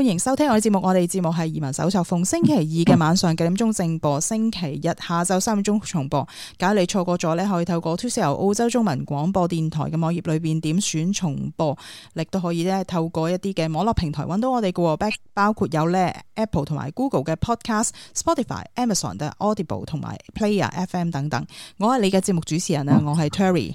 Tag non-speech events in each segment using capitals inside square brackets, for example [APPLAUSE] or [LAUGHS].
歡迎收聽我哋節目，我哋節目係移民手冊，逢星期二嘅晚上九點鐘正播，星期日下晝三點鐘重播。假如你錯過咗咧，可以透過 To Show 澳洲中文廣播電台嘅網頁裏邊點選重播，亦都可以咧透過一啲嘅網絡平台揾到我哋嘅，包括有咧 Apple 同埋 Google 嘅 Podcast、Spotify、Amazon 嘅 Audible 同埋 Player FM 等等。我係你嘅節目主持人啊，我係 Tury。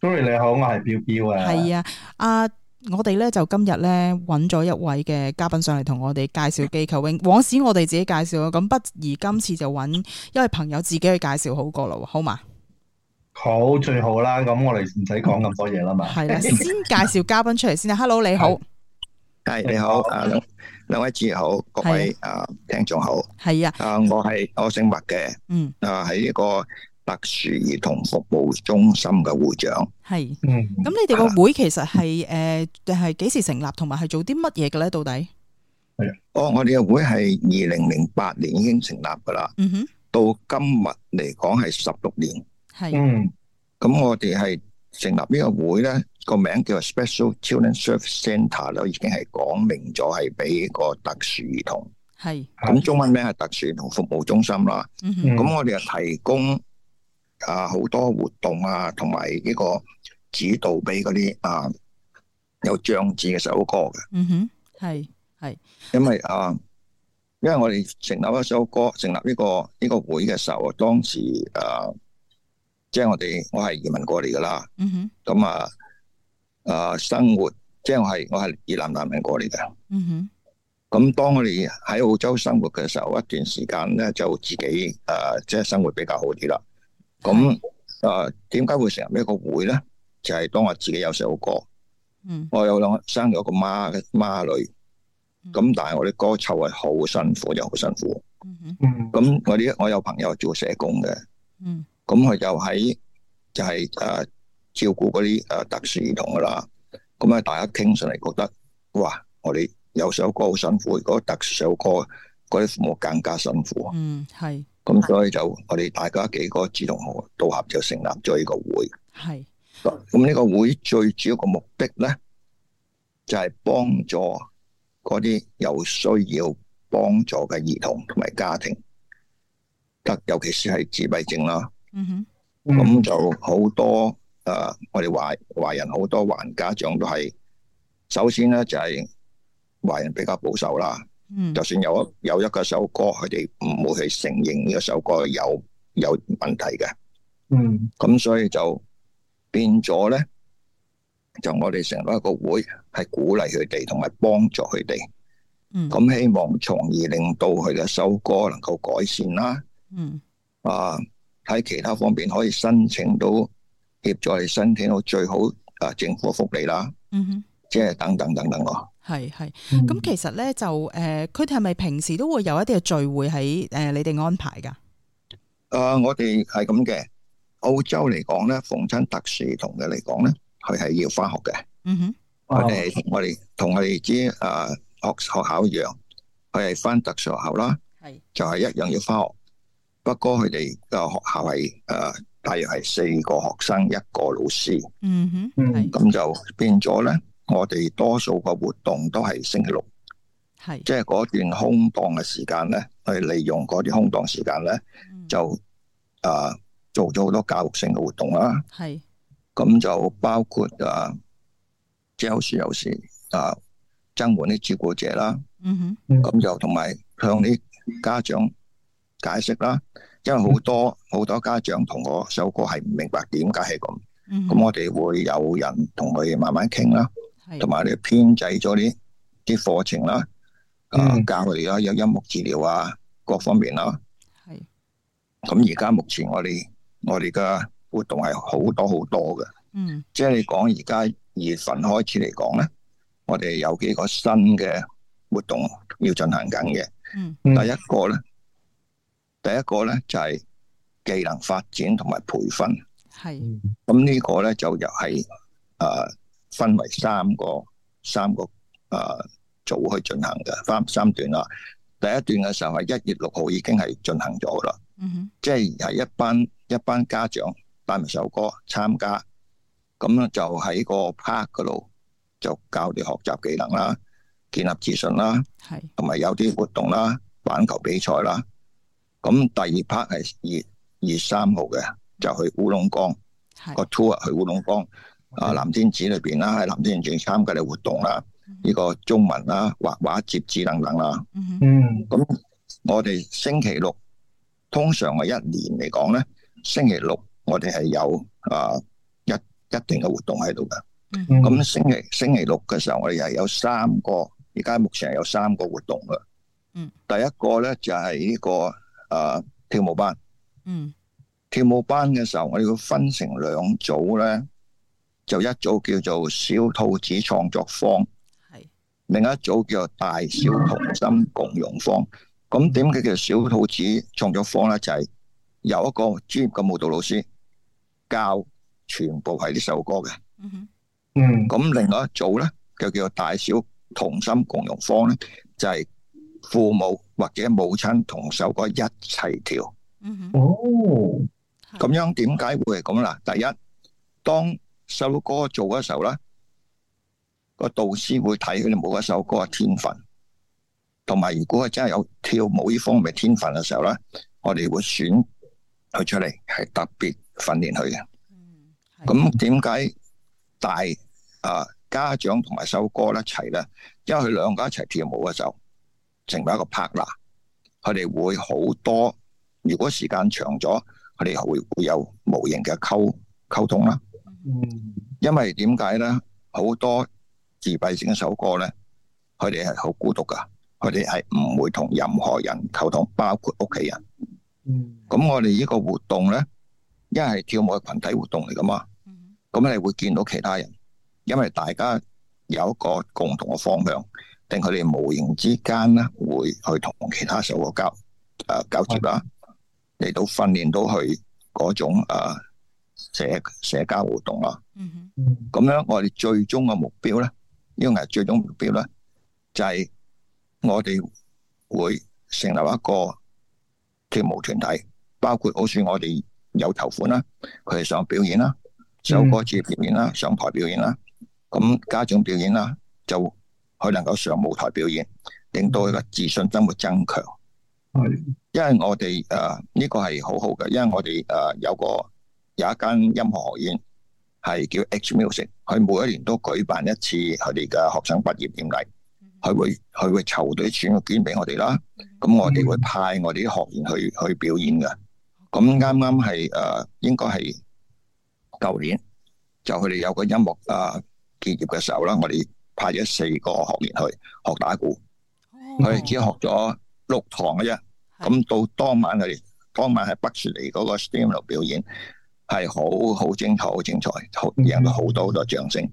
Tury 你好，我係 Bill Bill 啊。係啊，啊。我哋咧就今日咧搵咗一位嘅嘉賓上嚟同我哋介紹機構永。往時我哋自己介紹咯，咁不如今次就搵一位朋友自己去介紹好過咯，好嘛？好，最好啦，咁我哋唔使講咁多嘢啦嘛。係 [LAUGHS] 啦，先介紹嘉賓出嚟先啊。 [LAUGHS] Hello，你好。係，你好，兩位主持好，各位啊，啊聽眾好。係啊。啊，我係我姓麥嘅。嗯。啊，喺呢個。特殊兒童服務中心嘅會長係，嗯，咁你哋個會其實係誒，係幾時成立，同埋係做啲乜嘢嘅咧？到底係，哦，我哋嘅會係二零零八年已經成立噶啦，嗯哼，到今日嚟講係十六年，係，嗯，咁我哋係成立呢個會咧，個名叫做 Special Children's Service Center 啦，已經係講明咗係俾個特殊兒童，係，咁中文名係特殊兒童服務中心啦，嗯哼，咁我哋係提供。啊！好多活動啊，同埋呢個指導俾嗰啲啊，有唱字嘅首歌嘅。嗯哼、mm，係係，因為啊，因為我哋成立一首歌，成立呢、這個呢、這個會嘅時候，當時啊，即、就、係、是、我哋我係移民過嚟噶啦。咁、mm hmm. 啊啊，生活即係、就是、我係我係越南難民過嚟嘅。嗯哼、mm，咁、hmm. 啊、當我哋喺澳洲生活嘅時候，一段時間咧就自己誒，即、啊、係、就是、生活比較好啲啦。咁啊，點解、嗯、會成立一個會咧？就係、是、當我自己有首歌，嗯、我有兩個生咗個孖嘅孖女，咁、嗯、但係我啲歌湊係好辛苦又好辛苦。咁、嗯、我啲我有朋友做社工嘅，咁佢、嗯、就喺就係、是、誒、呃、照顧嗰啲誒特殊兒童噶啦。咁啊，大家傾上嚟覺得哇，我哋有首歌好辛苦，如、那、果、個、特殊首歌嗰啲父母更加辛苦。嗯，係。咁所以就我哋大家幾個志同道合就成立咗呢個會。係咁呢個會最主要嘅目的咧，就係幫助嗰啲有需要幫助嘅兒童同埋家庭，得尤其是係自閉症啦。嗯哼，咁就好多誒，我哋華華人好多華人家長都係，首先咧就係華人比較保守啦。嗯，就算有一有一個首歌，佢哋唔會去承認呢個首歌有有問題嘅。嗯，咁所以就變咗咧，就我哋成一個會，係鼓勵佢哋，同埋幫助佢哋。嗯，咁希望從而令到佢嘅首歌能夠改善啦。嗯，啊，喺其他方面可以申請到協助，申請到最好啊政府福利啦。嗯哼，即係等等等等咯。係係，咁其實咧就誒，佢哋係咪平時都會有一啲嘅聚會喺誒你哋安排噶？誒，我哋係咁嘅，澳洲嚟講咧，逢親特殊同嘅嚟講咧，佢係要翻學嘅。嗯哼，我哋我哋同我哋知誒學學校一樣，佢係翻特殊學校啦，係就係一樣要翻學。不過佢哋嘅學校係誒大約係四個學生一個老師。嗯哼，嗯，咁就變咗咧。我哋多數個活動都係星期六，係即係嗰段空檔嘅時間咧，去利用嗰段空檔時間咧，就啊做咗好多教育性嘅活動啦。係咁就包括啊，即係好似有時啊，增援啲照顧者啦。嗯哼，咁就同埋向啲家長解釋啦，因為好多好多家長同我收過係唔明白點解係咁。咁我哋會有人同佢慢慢傾啦。同埋你編製咗啲啲課程啦，啊教佢哋啦，有音樂治療啊，各方面啦。係咁而家目前我哋我哋嘅活動係好多好多嘅。嗯，即係你講而家二月份開始嚟講咧，我哋有幾個新嘅活動要進行緊嘅。嗯，第一個咧，第一個咧就係技能發展同埋培訓。係咁呢個咧就又係誒。分為三個三個誒、呃、組去進行嘅三三段啦。第一段嘅時候係一月六號已經係進行咗啦，嗯、哼即係係一班一班家長帶埋首歌參加，咁就喺個 part 嗰度就教你學習技能啦、建立自信啦，係是，同埋有啲活動啦、板球比賽啦。咁第二 part 係二二三號嘅就去烏龍江是個 tour 去烏龍江。啊！藍天寺裏邊啦，喺藍天寺參加嘅活動啦，呢個中文啦、畫畫折紙等等啦。嗯，咁我哋星期六通常係一年嚟講咧，星期六我哋係有啊一一定嘅活動喺度嘅。嗯，咁星期星期六嘅時候，我哋係有三個，而家目前係有三個活動嘅。嗯，第一個咧就係呢個啊跳舞班。嗯，跳舞班嘅時候，我哋會分成兩組咧。就一組叫做小兔子創作坊，係另一組叫大小同心共融坊。咁點解叫小兔子創作坊咧，就係有一個專業嘅舞蹈老師教全部係呢首歌嘅。嗯，咁另外一組咧，就叫大小同心共融坊咧，就係父母或者母親同首歌一齊跳。嗯，哦，咁樣點解會係咁啦？第一，當首歌做嘅時候咧，個導師會睇佢哋冇一首歌嘅天分，同埋如果佢真係有跳舞呢方面嘅天分嘅時候咧，我哋會選佢出嚟，係特別訓練佢嘅。咁點解帶啊家長同埋首歌一齊咧，因為佢兩個一齊跳舞嘅時候，成為一個 partner，佢哋會好多。如果時間長咗，佢哋會會有無形嘅溝溝通啦。嗯，因為點解呢？好多自閉症嘅手歌呢，佢哋係好孤獨噶，佢哋係唔會同任何人溝通，包括屋企人。嗯，咁我哋呢個活動呢，一係跳舞嘅群體活動嚟噶嘛。嗯，咁你會見到其他人，因為大家有一個共同嘅方向，定佢哋無形之間呢，會去同其他手個交誒、呃、交接啦，嚟、嗯、到訓練到佢嗰種誒。呃社社交活動咯，咁、mm hmm. 樣我哋最終嘅目標咧，呢個係最終目標咧，就係、是、我哋會成立一個跳舞團體，包括好似我哋有籌款啦，佢哋上表演啦，首歌接表演啦，上台表演啦，咁家長表演啦，就佢能夠上舞台表演，令到佢嘅自信心會增強。係、mm hmm. 呃這個，因為我哋誒呢個係好好嘅，因為我哋誒有個。有一間音樂學院係叫 H Music，佢每一年都舉辦一次佢哋嘅學生畢業典禮，佢會佢會籌到啲錢捐俾我哋啦。咁我哋會派我哋啲學員去去表演嘅。咁啱啱係誒，應該係舊年就佢哋有個音樂啊畢業嘅時候啦，我哋派咗四個學員去學打鼓，佢哋只學咗六堂嘅啫。咁到當晚佢哋當晚喺北雪梨嗰個 Stream 度表演。係好好精彩，好精彩，贏咗好多好多掌聲。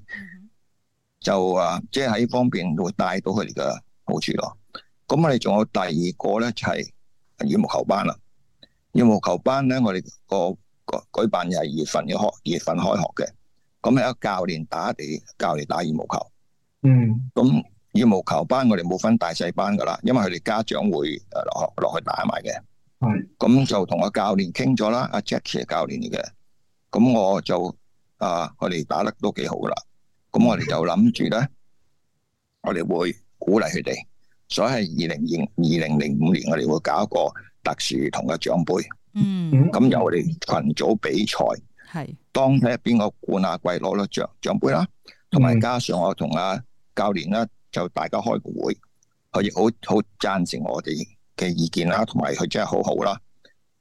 就啊，即係喺方面會帶到佢哋嘅好處咯。咁我哋仲有第二個咧，就係羽毛球班啦。羽毛球班咧，我哋個舉辦又係二月份嘅開二月份開學嘅。咁係一個教練打嚟教嚟打羽毛球。嗯。咁羽毛球班我哋冇分大細班噶啦，因為佢哋家長會落學落去打埋嘅。係、嗯。咁就同個教練傾咗啦。阿 Jackie 係教練嚟嘅。咁我就啊，我哋打得都幾好噶啦。咁我哋就諗住咧，我哋會鼓勵佢哋。所以係二零二二零零五年，我哋會搞一個特殊兒童嘅獎杯。嗯，咁由我哋群組比賽，係當呢邊個冠亞季攞到獎獎杯啦，同埋加上我同阿教練咧，就大家開個會，佢亦好好贊成我哋嘅意見啦，同埋佢真係好好啦。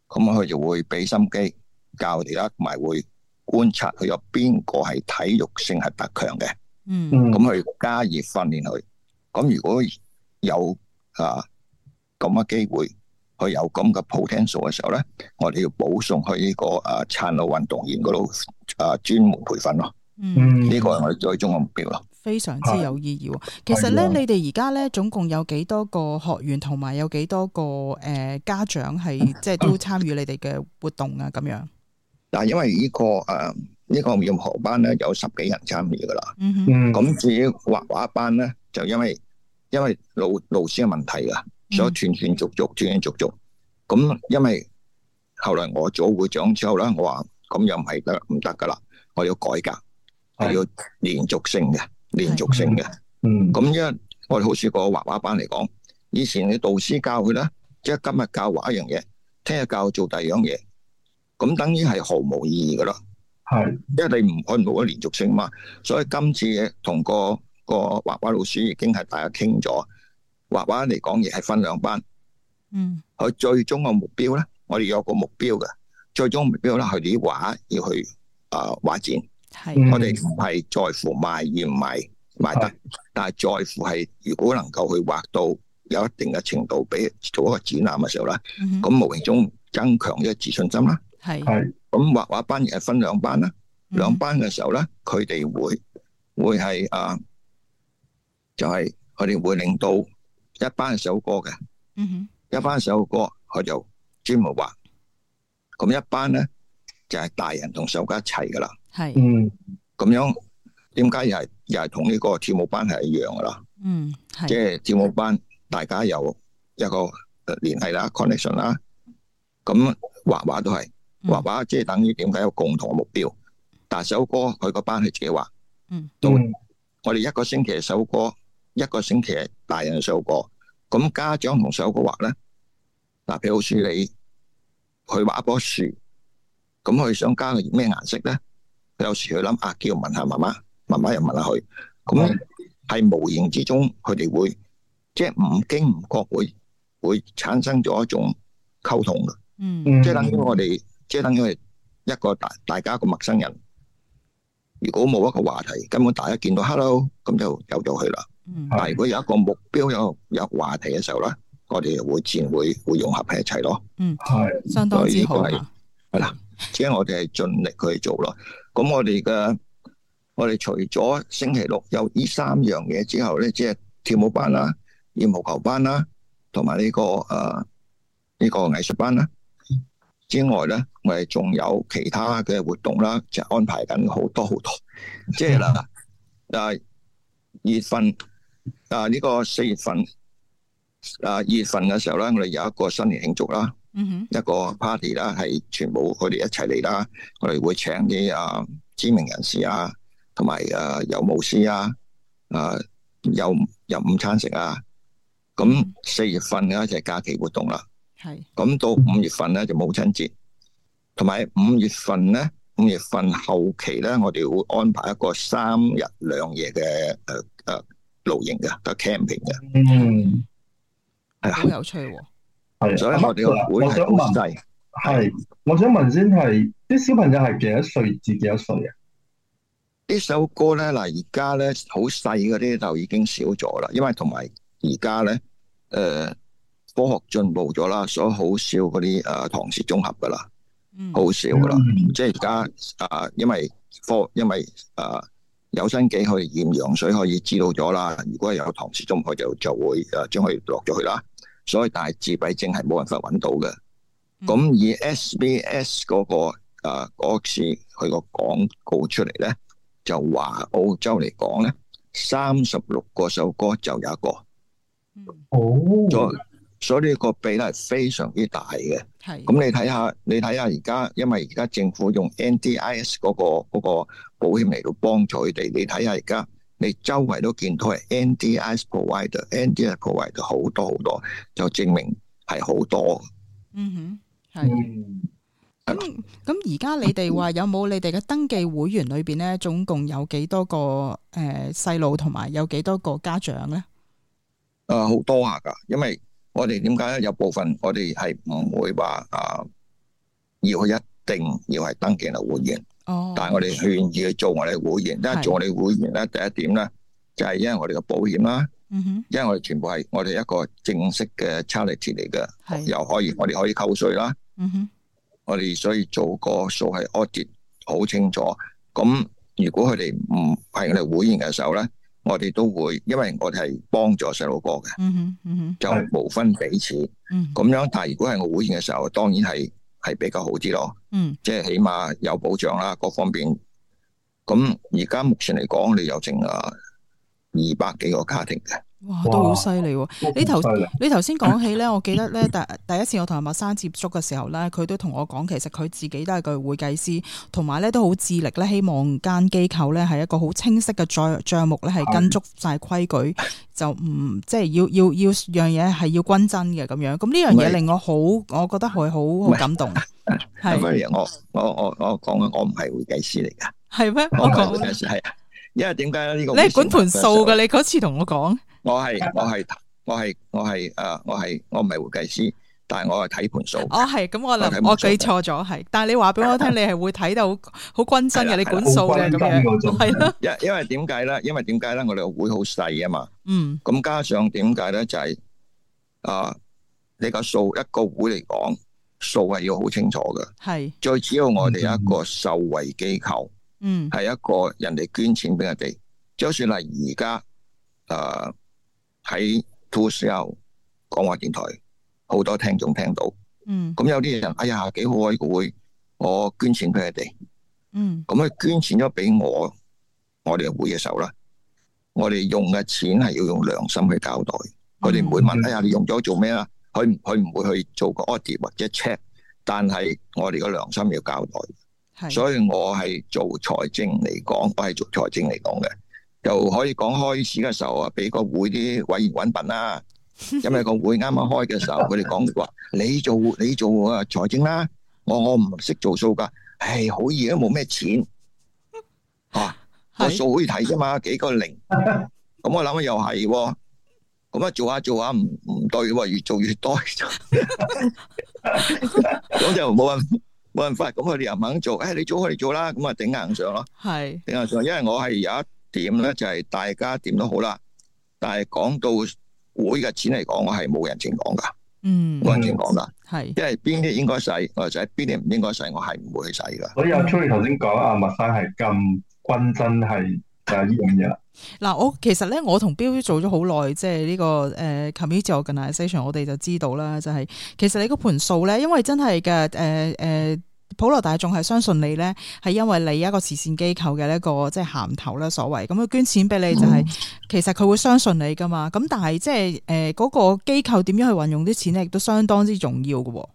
咁佢就會俾心機。教佢哋啦，同埋會觀察佢有邊個係體育性係特強嘅，嗯，咁去加以訓練佢。咁如果有啊咁嘅機會，佢有咁嘅 potential 嘅時候咧，我哋要保送去呢個誒撐、啊、路運動員嗰度啊，專門培訓咯。嗯，呢個係我哋最終嘅目標咯。非常之有意義。是其實咧，的你哋而家咧總共有幾多個學員個，同埋有幾多個誒家長係、嗯嗯、即係都參與你哋嘅活動啊？咁樣。但係因為呢個誒呢個繪畫班咧有十幾人參與噶啦，咁至於畫畫班咧就因為因為老老師嘅問題啊，所以斷斷續續、斷斷續續。咁因為後來我做會長之後咧，我話咁又唔係得唔得噶啦？我要改革，我要連續性嘅連續性嘅。咁因為我哋好似個畫畫班嚟講，以前嘅導師教佢啦，即係今日教畫一樣嘢，聽日教做第二樣嘢。咁等於係毫無意義噶咯，係，因為你唔可能冇咗連續性啊嘛。所以今次嘅同個個畫畫老師已經係大家傾咗，畫畫嚟講亦係分兩班。嗯，佢最終個目標咧，我哋有個目標嘅，最終目標咧，佢哋啲畫要去啊畫展。係，我哋唔係在乎賣而唔係賣得，但係在乎係如果能夠去畫到有一定嘅程度，俾做一個展覽嘅時候咧，咁無形中增強呢個自信心啦。係，咁畫畫班亦係分兩班啦。兩班嘅時候咧，佢哋會會係啊，就係佢哋會令到一班首歌嘅，一班首歌佢就專門畫。咁一班咧就係大人同首歌一齊噶啦。係，嗯，咁樣點解又係又係同呢個跳舞班係一樣噶啦？嗯，即係跳舞班大家有一個聯繫啦，connection 啦，咁畫畫都係。爸爸即係等於點解有共同嘅目標？但係首歌佢個班佢自己畫，嗯，都我哋一個星期首歌，一個星期大人首歌，咁家長同首歌畫咧，嗱，譬如好似你去畫一棵樹，咁佢想加佢咩顏色咧？有時佢諗啊，叫問下媽媽，媽媽又問下佢，咁係無形之中佢哋會即係唔經唔覺會會產生咗一種溝通嘅，嗯，即係等於我哋。即係等於一個大大家，一個陌生人，如果冇一個話題，根本大家見到 Hello 咁就走咗去啦。但係如果有一個目標有有話題嘅時候咧，我哋會自然會會融合喺一齊咯。嗯，係相當之好啊。係啦，即係我哋係盡力去做咯。咁我哋嘅我哋除咗星期六有呢三樣嘢之後咧，即係跳舞班啦、羽毛球班啦，同埋呢個誒呢個藝術班啦。之外咧，我哋仲有其他嘅活動啦，就安排緊好多好多。即係啦，啊，二月份啊呢個四月份啊，二月份嘅時候咧，我哋有一個新年慶祝啦，一個 party 啦，係全部佢哋一齊嚟啦。我哋會請啲啊知名人士啊，同埋啊有舞獅啊，啊有有午餐食啊。咁四月份呢，就係假期活動啦。係咁是到五月份咧就母親節，同埋五月份咧五月份後期咧，我哋會安排一個三日兩夜嘅誒誒露營嘅，個 camping 嘅。嗯，係好是有趣。係，所以我哋個會係好細。係、啊啊是，我想問先係，啲小朋友係幾多歲至幾多歲啊？呢首歌咧嗱，而家咧好細嗰啲就已經少咗啦，因為同埋而家咧誒。呃科學進步咗啦，所以好少嗰啲啊唐氏綜合噶啦，好少噶啦，mm hmm. 即係而家啊，因為科因為啊有新機去以驗羊水可以知道咗啦。如果係有唐氏綜合就，就會就會啊將佢落咗去啦。所以但係自閉症係冇辦法揾到嘅。咁、mm hmm. 以 SBS 嗰、那個啊公司佢個廣告出嚟咧，就話澳洲嚟講咧，三十六個首歌就有一個，好、mm hmm. oh. 所以個比例係非常之大嘅。係咁你睇下，你睇下而家，因為而家政府用 NDIS 嗰、嗰個、嗰個保險嚟到幫助佢哋，你睇下而家你周圍都見到係 NDIS provider，NDIS provider 好多好多，就證明係好多。嗯哼，係。咁咁而家你哋話有冇你哋嘅登記會員裏邊咧，總共有幾多個誒細、呃、路，同埋有幾多個家長咧？誒、呃，好多下噶，因為我哋點解咧？有部分我哋係唔會話啊，要去一定要係登記嘅會員。哦，但係我哋願意去做我哋會員。因為做我哋會員咧，第一點咧就係因為我哋嘅保險啦。嗯哼，因為我哋全部係我哋一個正式嘅 charity 嚟嘅，又可以我哋可以扣稅啦。嗯哼，我哋所以做個數係 audit 好清楚。咁如果佢哋唔係我哋會員嘅時候咧，我哋都會，因為我哋係幫助細路哥嘅，mm hmm. mm hmm. 就無分彼此，咁、mm hmm. 樣。但係如果係我會員嘅時候，當然係係比較好啲咯，mm hmm. 即係起碼有保障啦，各方面。咁而家目前嚟講，你有剩啊二百幾個家庭嘅。嘩哇，都好犀利！噢你頭你頭先講起咧，噢我記得咧，第第一次我同阿麥生接觸嘅時候咧，佢都同我講，其實佢自己都係個會計師，同埋咧都好致力咧，希望間機構咧係一個好清晰嘅賬賬目咧，係跟足晒規矩，嗯、就唔即係要要要樣嘢係要均真嘅咁樣。咁呢樣嘢令我好，我覺得佢好好感動。係喂我我我我講啊，我唔係會計師嚟噶，係咩？我講係啊，因為點解呢個數你管盤數噶你嗰次同我講。我係我係我係我係誒我係我唔係會計師，但係我係睇盤數。哦係，咁我諗我記錯咗係，但係你話俾我聽，你係會睇到好好均真嘅，你管數嘅咁樣，係咯。因因為點解咧？因為點解咧？我哋個會好細啊嘛。嗯。咁加上點解咧？就係啊，你個數一個會嚟講，數係要好清楚嘅。係。最主要我哋有一個受惠機構，嗯，係一個人哋捐錢俾我哋，就算係而家誒。喺 To Sell 講話電台，好多聽眾聽到。嗯，咁有啲人，哎呀，幾好開個會，我捐錢俾佢哋。嗯，咁佢捐錢咗俾我，我哋就會嘅手啦，我哋用嘅錢係要用良心去交代，佢哋唔會問，哎呀，你用咗做咩呀？佢唔佢唔會去做個 audit 或者 check，但係我哋嘅良心要交代。係，所以我係做財政嚟講，我係做財政嚟講嘅。就可以講開始嘅時候啊，俾個會啲委員揾笨啦。因為個會啱啱開嘅時候，佢哋講話你做你做啊財政啦，我我唔識做數噶，唉好易都冇咩錢，啊個數可以睇啫嘛，幾個零。咁我諗又係，咁啊做下做下唔唔對，越做越多。咁就冇冇辦法，咁佢哋又唔肯做，誒你做佢哋做啦，咁啊頂硬上咯。係頂硬上，因為我係有一。點咧就係、是、大家點都好啦，但係講到會嘅錢嚟講，我係冇人情講噶，嗯，冇人情講噶，係是，因為邊啲應該使我就使，邊啲唔應該使我係唔會去使噶。所以阿 Joy 頭先講阿麥生係咁均真係就係呢樣嘢啦。嗱，我其實咧我同 Bill 做咗好耐，即係呢個誒，committee 之後嘅 organization 我哋就知道啦，就係、是、其實你嗰盤數咧，因為真係嘅誒誒。呃呃普羅大眾係相信你咧，係因為你一個慈善機構嘅一個即係銜頭啦，所謂咁佢捐錢俾你就係，其實佢會相信你噶嘛。咁、嗯、但係即係誒嗰個機構點樣去運用啲錢咧，亦都相當之重要嘅、哦。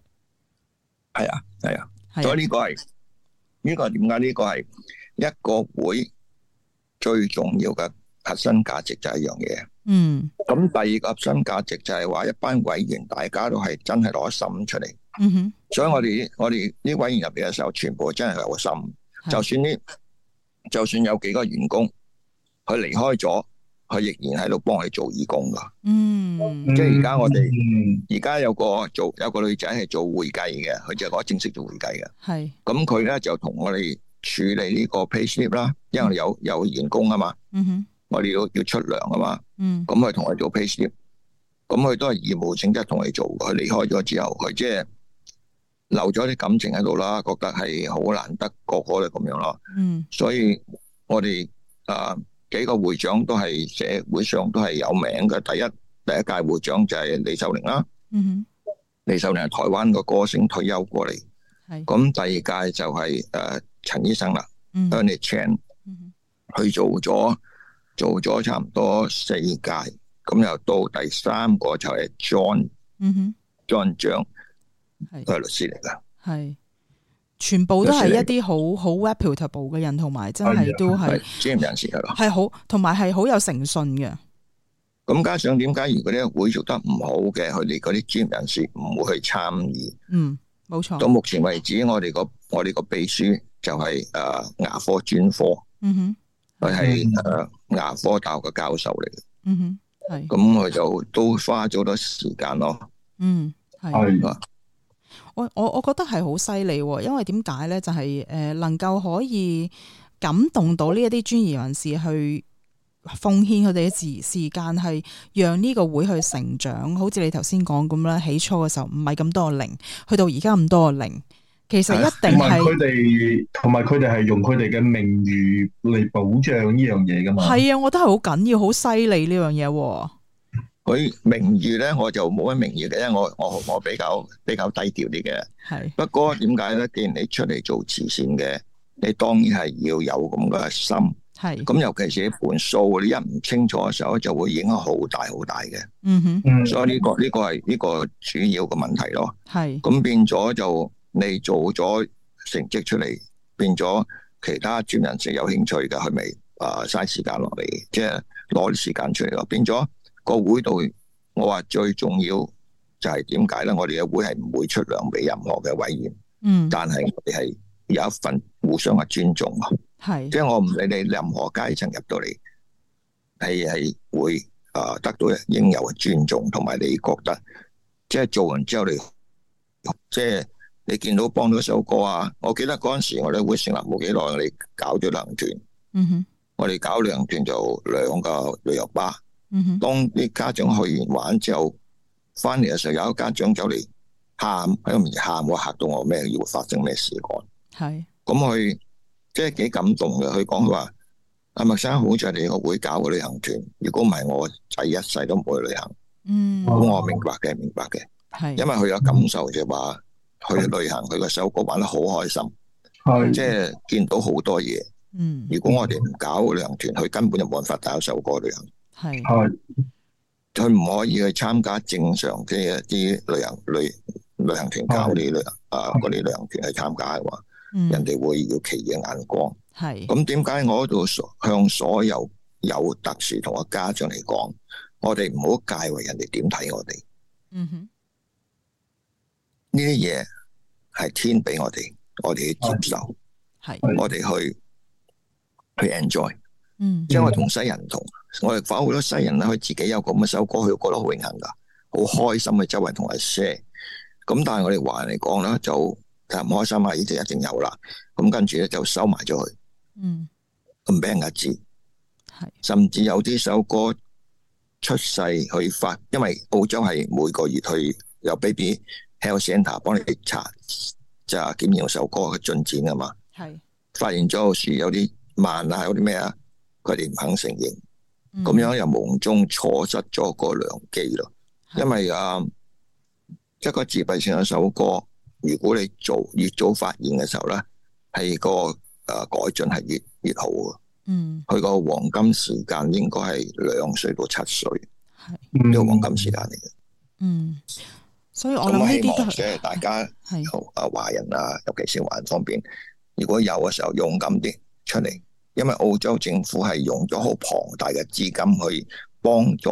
係啊，係啊，啊所以呢個係呢、呢個係點解呢個係一個會最重要嘅核心價值就係一樣嘢。嗯。咁第二個核心價值就係話一班委員大家都係真係攞心出嚟。嗯哼。所以我哋我哋呢位員入嚟嘅時候，全部真係有個心。的就算呢，就算有幾個員工佢離開咗，佢仍然喺度幫佢做義工噶。嗯，即係而家我哋而家有個做有個女仔係做會計嘅，佢就係攞正式做會計嘅。係的，咁佢咧就同我哋處理呢個 Pay Slip 啦，因為有、嗯、有員工啊嘛。嗯、哼我哋要要出糧啊嘛。咁佢同佢做 Pay Slip，咁佢都係義務性質同佢做。佢離開咗之後，佢即係。留咗啲感情喺度啦，覺得係好難得，個個都咁樣咯。嗯，所以我哋啊幾個會長都係社會上都係有名嘅。第一第一屆會長就係李秀玲啦。嗯哼，李秀玲係台灣嘅歌星退休過嚟。係。咁第二屆就係誒陳醫生啦。嗯，Anthony Chan。嗯哼。去做咗做咗差唔多四屆，咁又到第三個就係 John。嗯哼。John 將係佢係律師嚟噶，係全部都係一啲好好 reputable 嘅人，同埋真係都係專業人士，係係好，同埋係好有誠信嘅。咁加上點解？如果呢個會做得唔好嘅，佢哋嗰啲專業人士唔會去參與。嗯，冇錯。到目前為止，我哋個我哋個秘書就係誒牙科專科。佢係誒牙科大學嘅教授嚟嘅。咁佢、嗯、就都花咗好多時間咯。嗯，係。我我我覺得係好犀利，因為點解咧？就係誒，能夠可以感動到呢一啲專業人士去奉獻佢哋嘅時時間，係讓呢個會去成長。好似你頭先講咁啦，起初嘅時候唔係咁多零，去到而家咁多零，其實一定係佢哋，同埋佢哋係用佢哋嘅名譽嚟保障呢樣嘢噶嘛。係啊，我覺得係好緊要，好犀利呢樣嘢。佢名譽咧，我就冇乜名譽嘅，因為我我我比較比較低調啲嘅。係是，不過點解咧？既然你出嚟做慈善嘅，你當然係要有咁嘅心。係是，咁尤其是啲本數，你一唔清楚嘅時候，就會影響好大好大嘅。嗯哼，所以呢個呢個係呢個主要嘅問題咯。係是，咁變咗就你做咗成績出嚟，變咗其他專業人士有興趣嘅，佢咪啊嘥時間落嚟，即係攞啲時間出嚟咯。變咗。個會度，我話最重要就係點解咧？我哋嘅會係唔會出糧俾任何嘅委員，嗯，但係我哋係有一份互相嘅尊重啊，係，即係我唔理你任何階層入到嚟，係係會啊得到應有嘅尊重，同埋你覺得即係做完之後你，即係你見到幫到首歌啊！我記得嗰陣時我哋會成立冇幾耐，我哋搞咗兩團，嗯哼，我哋搞兩團就兩個旅遊巴。當啲家長去完玩之後，翻嚟嘅時候，有一個家長走嚟喊喺度面喊，我嚇到我咩要發生咩事？我係咁佢，即係幾感動嘅。佢講佢話阿麥生，好彩你個會搞個旅行團，如果唔係我仔一世都唔會去旅行。嗯，咁我明白嘅，明白嘅。係是，因為佢有感受嘅話，去旅行佢個首個玩得好開心，即係是見到好多嘢。嗯，如果我哋唔搞旅行團，佢根本就冇辦法搞首個旅行。係，佢唔是可以去參加正常嘅一啲旅遊旅旅行團搞啲旅遊啊啲旅行團，呃、去參加嘅話，嗯、人哋會要奇異嘅眼光。係是，咁點解我喺度向所有有特殊同學家長嚟講，我哋唔好介意人哋點睇我哋。嗯哼，呢啲嘢係天俾我哋，我哋去接受，係、嗯，我哋去去 enjoy。嗯哼，即係我同西人唔同。我哋反好多世人啦，佢自己有咁嘅首歌，佢覺得好榮幸噶，好開心嘅周圍同人 share。咁但係我哋華人嚟講咧，就但係唔開心啊，呢啲一定有啦。咁跟住咧就收埋咗佢，唔俾、嗯、人知。是甚至有啲首歌出世去發，因為澳洲係每個月去有 baby health center 幫你查，就檢驗首歌嘅進展啊嘛。係是發現咗有樹有啲慢啊，有啲咩啊，佢哋唔肯承認。咁樣又夢中錯失咗個良機咯，的因為啊，uh, 一個自閉症一首歌，如果你做越早發現嘅時候咧，係、嗰個誒、呃、改進係越越好嘅。嗯，佢的個黃金時間應該係兩歲到七歲，係呢個黃金時間嚟嘅。嗯，所以我諗呢啲都係大家係啊華人啊，尤其華人方面，如果有嘅時候勇敢啲出嚟。因為澳洲政府係用咗好龐大嘅資金去幫助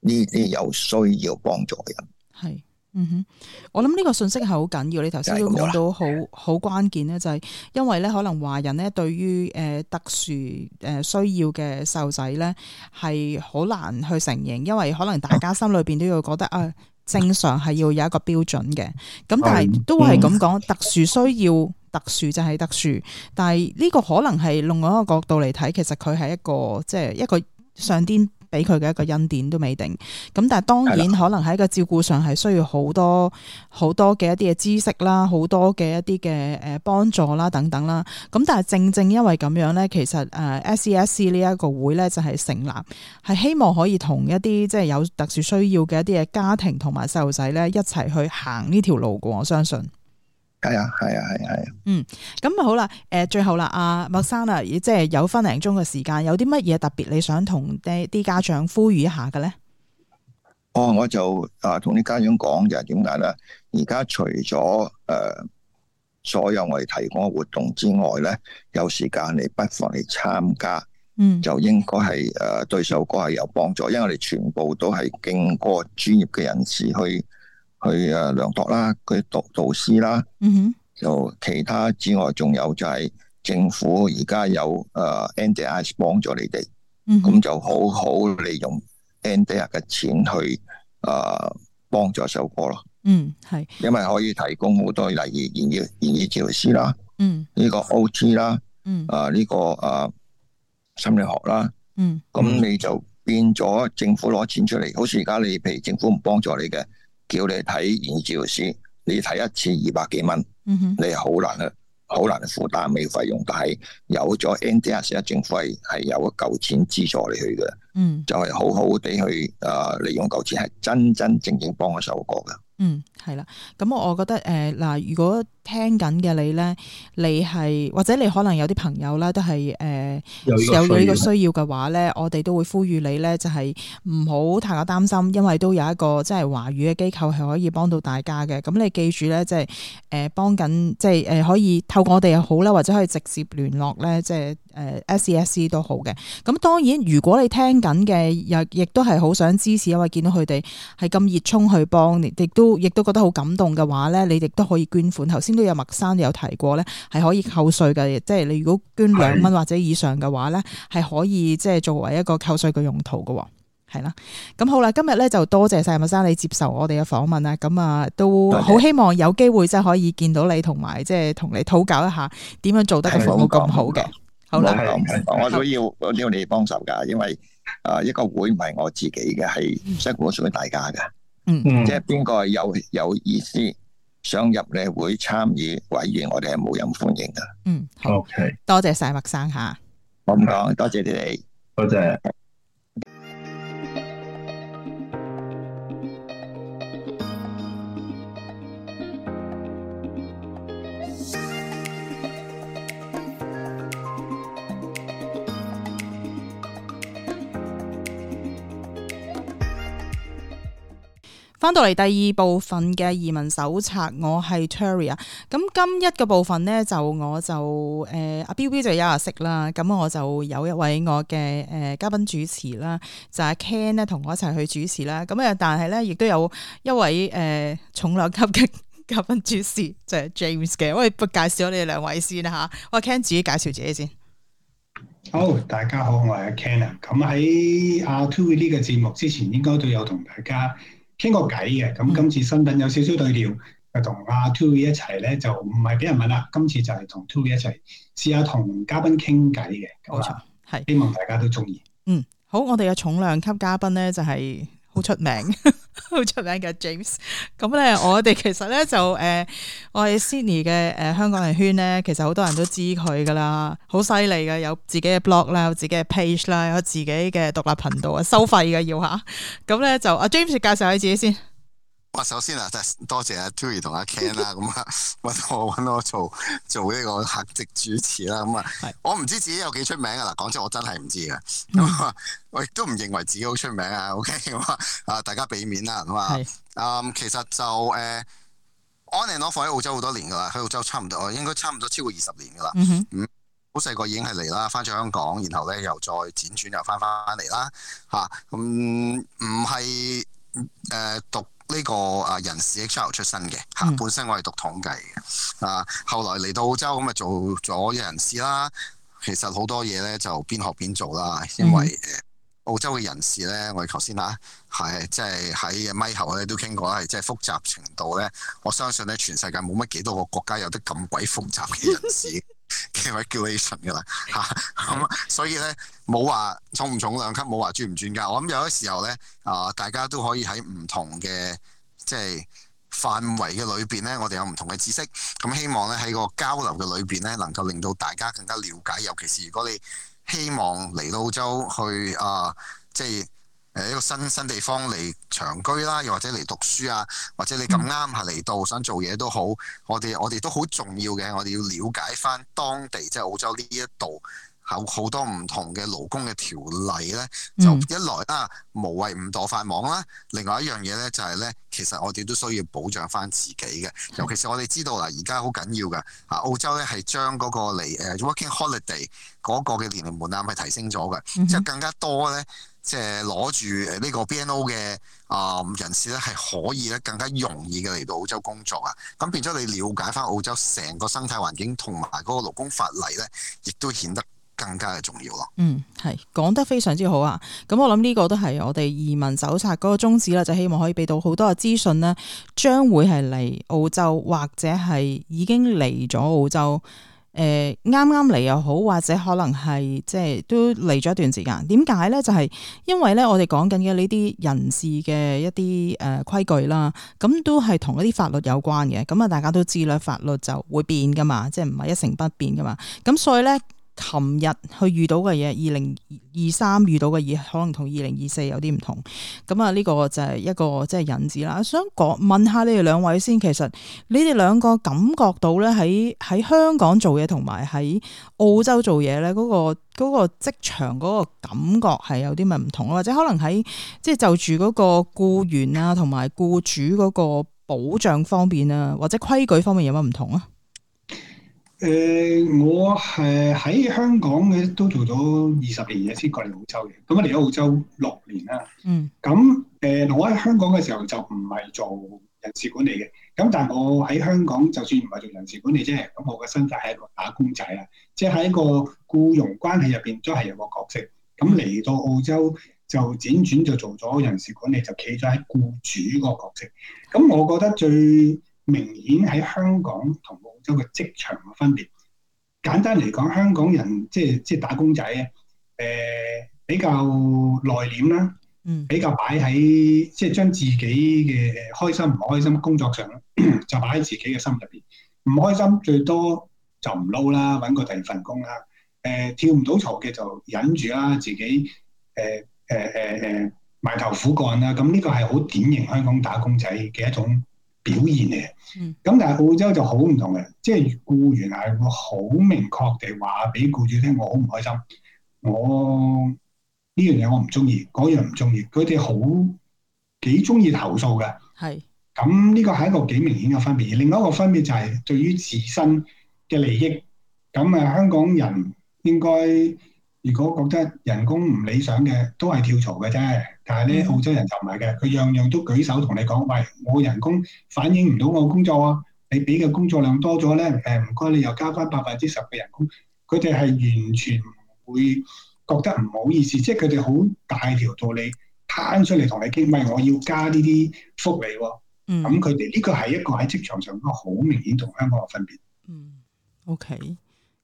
呢啲有需要幫助嘅人，係，嗯哼，我諗呢個信息係好緊要，你頭先都講到好好關鍵咧，就係、是、因為咧可能華人咧對於誒特殊誒需要嘅細路仔咧係好難去承認，因為可能大家心裏邊都要覺得啊正常係要有一個標準嘅，咁、嗯、但係都係咁講特殊需要。特殊就係特殊，但係呢個可能係另外一個角度嚟睇，其實佢係一個即係、就是、一個上天俾佢嘅一個恩典都未定。咁但係當然可能喺個照顧上係需要好多好多嘅一啲嘅知識啦，好多嘅一啲嘅誒幫助啦等等啦。咁但係正正因為咁樣呢，其實誒 S E S C 呢一個會呢就係成立，係希望可以同一啲即係有特殊需要嘅一啲嘅家庭同埋細路仔呢一齊去行呢條路嘅。我相信。係啊，係啊，係啊，啊嗯，咁啊好啦，誒、呃，最後啦，阿麥生啊，咦即係有分零鐘嘅時間，有啲乜嘢特別你想同啲啲家長呼籲一下嘅咧？哦，我就啊，同啲家長講就係點解咧？而家除咗誒、呃、所有我哋提供嘅活動之外咧，有時間你不妨嚟參加，嗯，就應該係誒對首歌係有幫助，因為我哋全部都係經過專業嘅人士去。去啊，量度啦，佢讀導師啦，嗯哼、mm，hmm. 就其他之外，仲有就係政府而家有啊，NDIS、呃、NDIS 幫助你哋，咁、mm hmm. 就好好利用 NDIS 嘅錢去啊幫、呃、助首歌咯。嗯、mm，係、hmm.，因為可以提供好多例如言語言語治療師啦，嗯、mm，呢、hmm. 個 OT 啦，嗯、呃，啊、這、呢個啊、呃、心理學啦，嗯、mm，咁、hmm. 你就變咗政府攞錢出嚟，好似而家你譬如政府唔幫助你嘅。叫你睇演照師，你睇一次二百幾蚊，mm hmm. 你好難去，好難負擔你嘅費用。但係有咗 NDIS 政府係係有一嚿錢資助你去嘅，mm hmm. 就係好好地去啊！利用嚿錢係真真正正幫一手㗎嘅。Mm hmm. 係啦，咁、嗯、我覺得誒嗱、呃，如果聽緊嘅你咧，你係或者你可能有啲朋友啦，都係誒、呃、有你個需要嘅話咧，我哋都會呼籲你咧，就係唔好太過擔心，因為都有一個即係華語嘅機構係可以幫到大家嘅。咁、嗯、你記住咧，即係誒幫緊即係誒可以透過我哋又好啦，或者可以直接聯絡咧，即係誒 SESC 都好嘅。咁、嗯、當然，如果你聽緊嘅又亦都係好想支持，因為見到佢哋係咁熱衷去幫你亦都亦都，都覺得都好感動嘅話咧，你哋都可以捐款。頭先都有麥生有提過咧，係可以扣稅嘅，即係你如果捐兩蚊或者以上嘅話咧，係的可以即係作為一個扣稅嘅用途嘅。係啦，咁好啦，今日咧就多謝晒麥生你接受我哋嘅訪問啦。咁啊，都好希望有機會即係可以見到你同埋即係同你討教一下點樣做得個服務咁好嘅。好啦了，我都要我都要你幫手噶，因為啊、呃、一個會唔係我自己嘅，係唔係我屬於大家嘅。嗯嗯，即係邊個有有意思想入你會參與委員，我哋係冇人歡迎噶。嗯，好，OK，多謝晒麥生吓，我唔講，多謝你哋，多謝。翻到嚟第二部分嘅移民手冊，我係 Tury 啊。咁今一個部分咧，就我就誒阿、呃、Bill Bill 就有人識啦。咁我就有一位我嘅誒、呃、嘉賓主持啦，就阿 Ken 咧同我一齊去主持啦。咁啊，但係咧亦都有一位誒、呃、重量級嘅嘉賓主持，就係、是、James 嘅。我哋介紹咗你哋兩位先啦。吓、啊，我 Ken 自己介紹自己先。好，大家好，我係阿 Ken 啊。咁喺阿 Tury 呢個節目之前，應該都有同大家。傾過偈嘅，咁、嗯、今次新品有少少對調，就同阿 Tury 一齊咧，就唔係俾人問啦。今次就係同 Tury 一齊試下同嘉賓傾偈嘅，冇錯，係吧是希望大家都中意。嗯，好，我哋嘅重量級嘉賓咧就係、是。好出名，好 [LAUGHS] 出名嘅 James。咁 [LAUGHS] 咧、嗯，我哋其實咧就誒、呃，我係 Sydney 嘅誒香港人圈咧，其實好多人都知佢噶啦，好犀利噶，有自己嘅 blog 啦，有自己嘅 page 啦，有自己嘅獨立頻道啊，收費嘅要吓。咁咧就阿 James 介紹下自己先。首先啊，多謝阿 Tury 同阿 Ken 啦。 [LAUGHS] 咁啊，我揾我做做呢個客席主持啦。咁啊，是我唔知自己有幾出名啊。嗱，講真，我真係唔知嘅。嗯、我亦都唔認為自己好出名啊。OK，咁啊，大家俾面啦，咁啊是、嗯，其實就誒，on and off 喺澳洲好多年噶啦，喺澳洲差唔多，應該差唔多超過二十年噶啦。好細個已經係嚟啦，翻咗香港，然後咧又再輾轉又翻翻嚟啦。吓、啊，咁唔係誒讀。讀呢個啊人事 excel 出身嘅嚇。本身我係讀統計嘅。嗯、啊，後來嚟到澳洲咁啊做咗人事啦。其實好多嘢咧就邊學邊做啦，因為、嗯、澳洲嘅人事咧，我哋頭先啦，係即係喺咪後咧都傾過，係即係複雜程度咧，我相信咧全世界冇乜幾多個國家有得咁鬼複雜嘅人事。 [LAUGHS] 幾位叫你噶啦吓，咁所以咧冇話重唔重量級，冇話專唔專家。我諗有啲時候咧，啊、呃，大家都可以喺唔同嘅即係範圍嘅裏邊咧，我哋有唔同嘅知識。咁、嗯、希望咧喺個交流嘅裏邊咧，能夠令到大家更加了解。尤其是如果你希望嚟到澳洲去啊、呃，即係。誒一個新新地方嚟長居啦，又或者嚟讀書啊，或者你咁啱係嚟到、嗯、想做嘢都好，我哋我哋都好重要嘅，我哋要了解翻當地即係、就是、澳洲呢一度，好多唔同嘅勞工嘅條例呢，就一來啦、嗯啊、無謂唔墮法網啦，另外一樣嘢呢，就係、是、呢，其實我哋都需要保障翻自己嘅，尤其是我哋知道喇，而家好緊要嘅啊，澳洲呢係將嗰個嚟、uh, working holiday 嗰個嘅年齡門檻係提升咗嘅，即係更加多呢。嗯即係攞住呢個 BNO 嘅啊人士咧，係可以咧更加容易嘅嚟到澳洲工作啊！咁變咗你了解翻澳洲成個生態環境同埋嗰個勞工法例咧，亦都顯得更加嘅重要咯。嗯，係講得非常之好啊！咁我諗呢個都係我哋移民手冊嗰個宗旨啦，就希望可以俾到好多嘅資訊呢，將會係嚟澳洲或者係已經嚟咗澳洲。誒啱啱嚟又好，或者可能係即係都嚟咗一段時間。點解咧？就係、是、因為咧，我哋講緊嘅呢啲人事嘅一啲誒、呃、規矩啦，咁都係同一啲法律有關嘅。咁啊，大家都知啦，法律就會變噶嘛，即係唔係一成不變噶嘛。咁所以咧。琴日去遇到嘅嘢，二零二三遇到嘅嘢，可能同二零二四有啲唔同。咁啊，呢個就係一個即係引子啦。想問下你哋兩位先，其實你哋兩個感覺到咧，喺喺香港做嘢同埋喺澳洲做嘢咧，嗰個嗰個職場嗰個感覺係有啲咩唔同，或者可能喺即係就住嗰個僱員啊同埋僱主嗰個保障方面啊，或者規矩方面有乜唔同啊？誒、呃，我係喺香港嘅，都做咗二十年嘢先過嚟澳洲嘅。咁我嚟咗澳洲六年啦。嗯。咁誒、呃，我喺香港嘅時候就唔係做人事管理嘅。咁但係我喺香港就算唔係做人事管理啫，咁我嘅身份係一個打工仔啊。即係喺個僱傭關係入邊都係有個角色。咁嚟到澳洲就輾轉就做咗人事管理，就企咗喺僱主個角色。咁我覺得最明顯喺香港同澳洲嘅職場嘅分別，簡單嚟講，香港人即係即係打工仔咧，誒、呃、比較內斂啦，比較擺喺即係將自己嘅開心唔開心工作上咧， [COUGHS] 就擺喺自己嘅心入邊。唔開心最多就唔撈啦，搵個第二份工啦。誒、呃、跳唔到槽嘅就忍住啦，自己誒誒誒誒埋頭苦幹啦。咁呢個係好典型香港打工仔嘅一種。表現嘅，咁，嗯，但係澳洲就好唔同嘅，即係僱員係會好明確地話俾僱主聽，我好唔開心，我呢樣嘢我唔中意，嗰樣唔中意，佢哋好幾中意投訴嘅，係。咁呢個係一個幾明顯嘅分別，而另外一個分別就係對於自身嘅利益，咁啊香港人應該，如果覺得人工唔理想嘅，都係跳槽嘅啫。但係咧，嗯、澳洲人就唔係嘅，佢樣樣都舉手同你講，喂，我人工反映唔到我工作啊！你俾嘅工作量多咗咧，誒唔該，你又加翻百分之十嘅人工。佢哋係完全唔會覺得唔好意思，即係佢哋好大條道理攤出嚟同你傾。喂，我要加呢啲福利喎、啊。咁佢哋呢個係一個喺職場上邊好明顯同香港嘅分別。嗯，OK，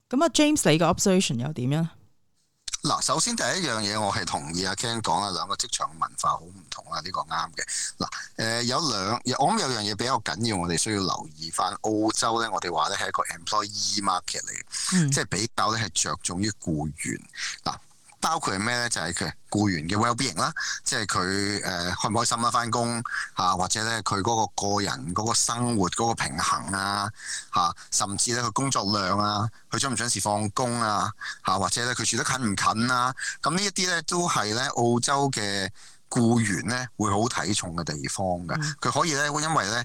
咁啊，James，你個 observation 又點樣？嗱，首先第一樣嘢，我係同意阿 Ken 講啊，兩個職場文化好唔同啊，呢個啱嘅。嗱、呃，誒有兩，我諗有樣嘢比較緊要，我哋需要留意返。澳洲咧，我哋話咧係一個 employee market 嚟嘅，嗯、即係比較咧係着重於僱員。嗱。包括係咩咧？就係、是、佢僱員嘅 well-being 啦，即係佢誒開唔開心啦、啊，翻工嚇，或者咧佢嗰個個人嗰個生活嗰個平衡啊嚇、啊，甚至咧佢工作量啊，佢準唔準時放工啊嚇、啊，或者咧佢住得近唔近啊？咁、啊、呢一啲咧都係咧澳洲嘅僱員咧會好睇重嘅地方嘅，佢、嗯、可以咧會因為咧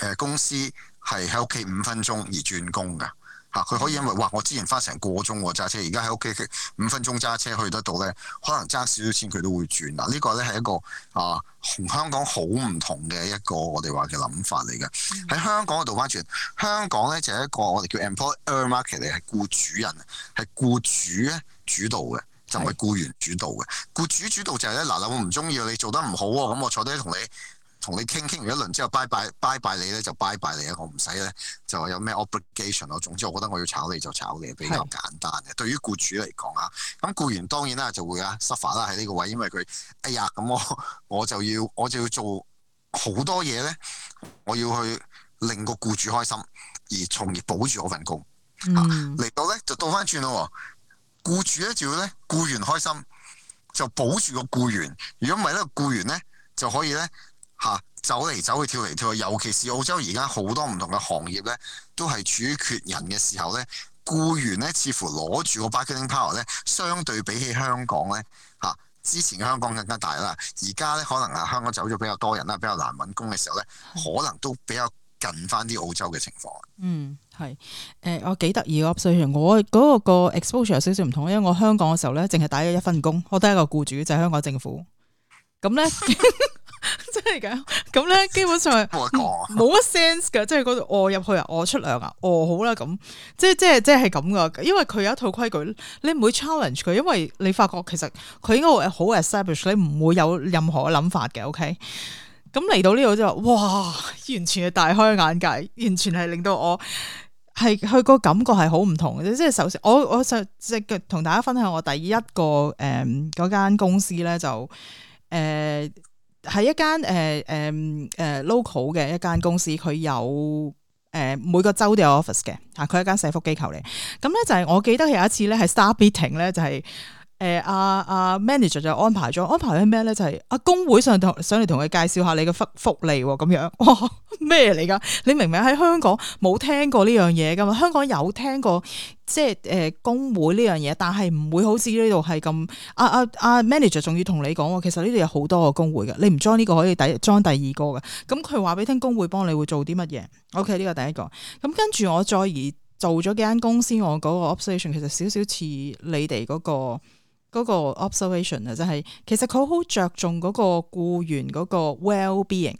誒公司係喺屋企五分鐘而轉工㗎。嚇佢可以因為哇！我之前花成個鐘揸車，而家喺屋企佢五分鐘揸車去得到呢，可能揸少少錢佢都會轉嗱。呢個呢係一個啊，同、呃、香港好唔同嘅一個我哋話嘅諗法嚟嘅。喺、嗯、香港度倒翻轉，香港呢就係、是、一個我哋叫 employer market 嚟，係僱主人，係僱主主導嘅，就唔係僱員主導嘅。嗯、僱主主導就係呢嗱，我唔中意你做得唔好啊，咁我坐低同你。同你傾傾完一輪之後，拜拜拜拜你咧就拜拜你啊！我唔使咧就話有咩 obligation 咯。總之，我覺得我要炒你就炒你，比較簡單嘅。是對於雇主嚟講啊，咁雇員當然啦，就會啊 suffer 啦喺呢個位，因為佢哎呀咁我我就要我就要做好多嘢咧，我要去令個雇主開心，而從而保住我份工。嚟、嗯啊、到咧就倒翻轉咯，雇主咧就要咧雇員開心，就保住個雇員。如果唔係咧，雇員咧就可以咧。吓，走嚟走去，跳嚟跳去，尤其是澳洲而家好多唔同嘅行業咧，都係處於缺人嘅時候咧。僱員咧，似乎攞住個 bargaining power 咧，相對比起香港咧，吓之前嘅香港更加大啦。而家咧，可能啊，香港走咗比較多人啦，比較難揾工嘅時候咧，可能都比較近翻啲澳洲嘅情況。嗯，係，誒、呃，我幾得意咯，雖然我嗰、嗰個、嗰個 exposure 有少少唔同，因為我香港嘅時候咧，淨係打咗一份工，我得一個僱主，就係、是、香港政府。咁咧。 [LAUGHS] 真係咁咧，基本上冇乜 sense 噶，即係嗰度我入去啊，我、哦、出糧啊，哦，好啦咁，即係即係即係係咁噶。因為佢有一套規矩，你唔會 challenge 佢，因為你發覺其實佢應該誒好 establish，你唔會有任何嘅諗法嘅。OK，咁嚟到呢度之後，哇，完全係大開眼界，完全係令到我係佢個感覺係好唔同嘅。即係首先，我我想即係同大家分享我第一個誒嗰間公司咧就誒。呃喺一間誒誒誒 local 嘅一間公司，佢有誒、呃、每個州都有 office 嘅，嚇佢係一間社福機構嚟。咁、嗯、咧就係、是、我記得有一次咧，係 Star meeting 咧就係、是。誒阿阿、呃啊啊、manager 就安排咗，安排咗咩咧？就係、是、阿、啊、工會上同上嚟同佢介紹下你嘅福福利喎、哦，咁樣哇咩嚟噶？你明明喺香港冇聽過呢樣嘢噶嘛？香港有聽過即係誒、呃、工會呢樣嘢，但係唔會好似呢度係咁。阿、啊、阿阿、啊啊、manager 仲要同你講，其實呢度有好多個工會嘅，你唔 join 呢個可以第 join 第二個嘅。咁佢話俾聽工會幫你會做啲乜嘢？OK 呢個第一個。咁跟住我再而做咗幾間公司，我嗰個 observation 其實少少似你哋嗰、那個。嗰個 observation 啊，就係其實佢好着重嗰個僱員嗰個 well-being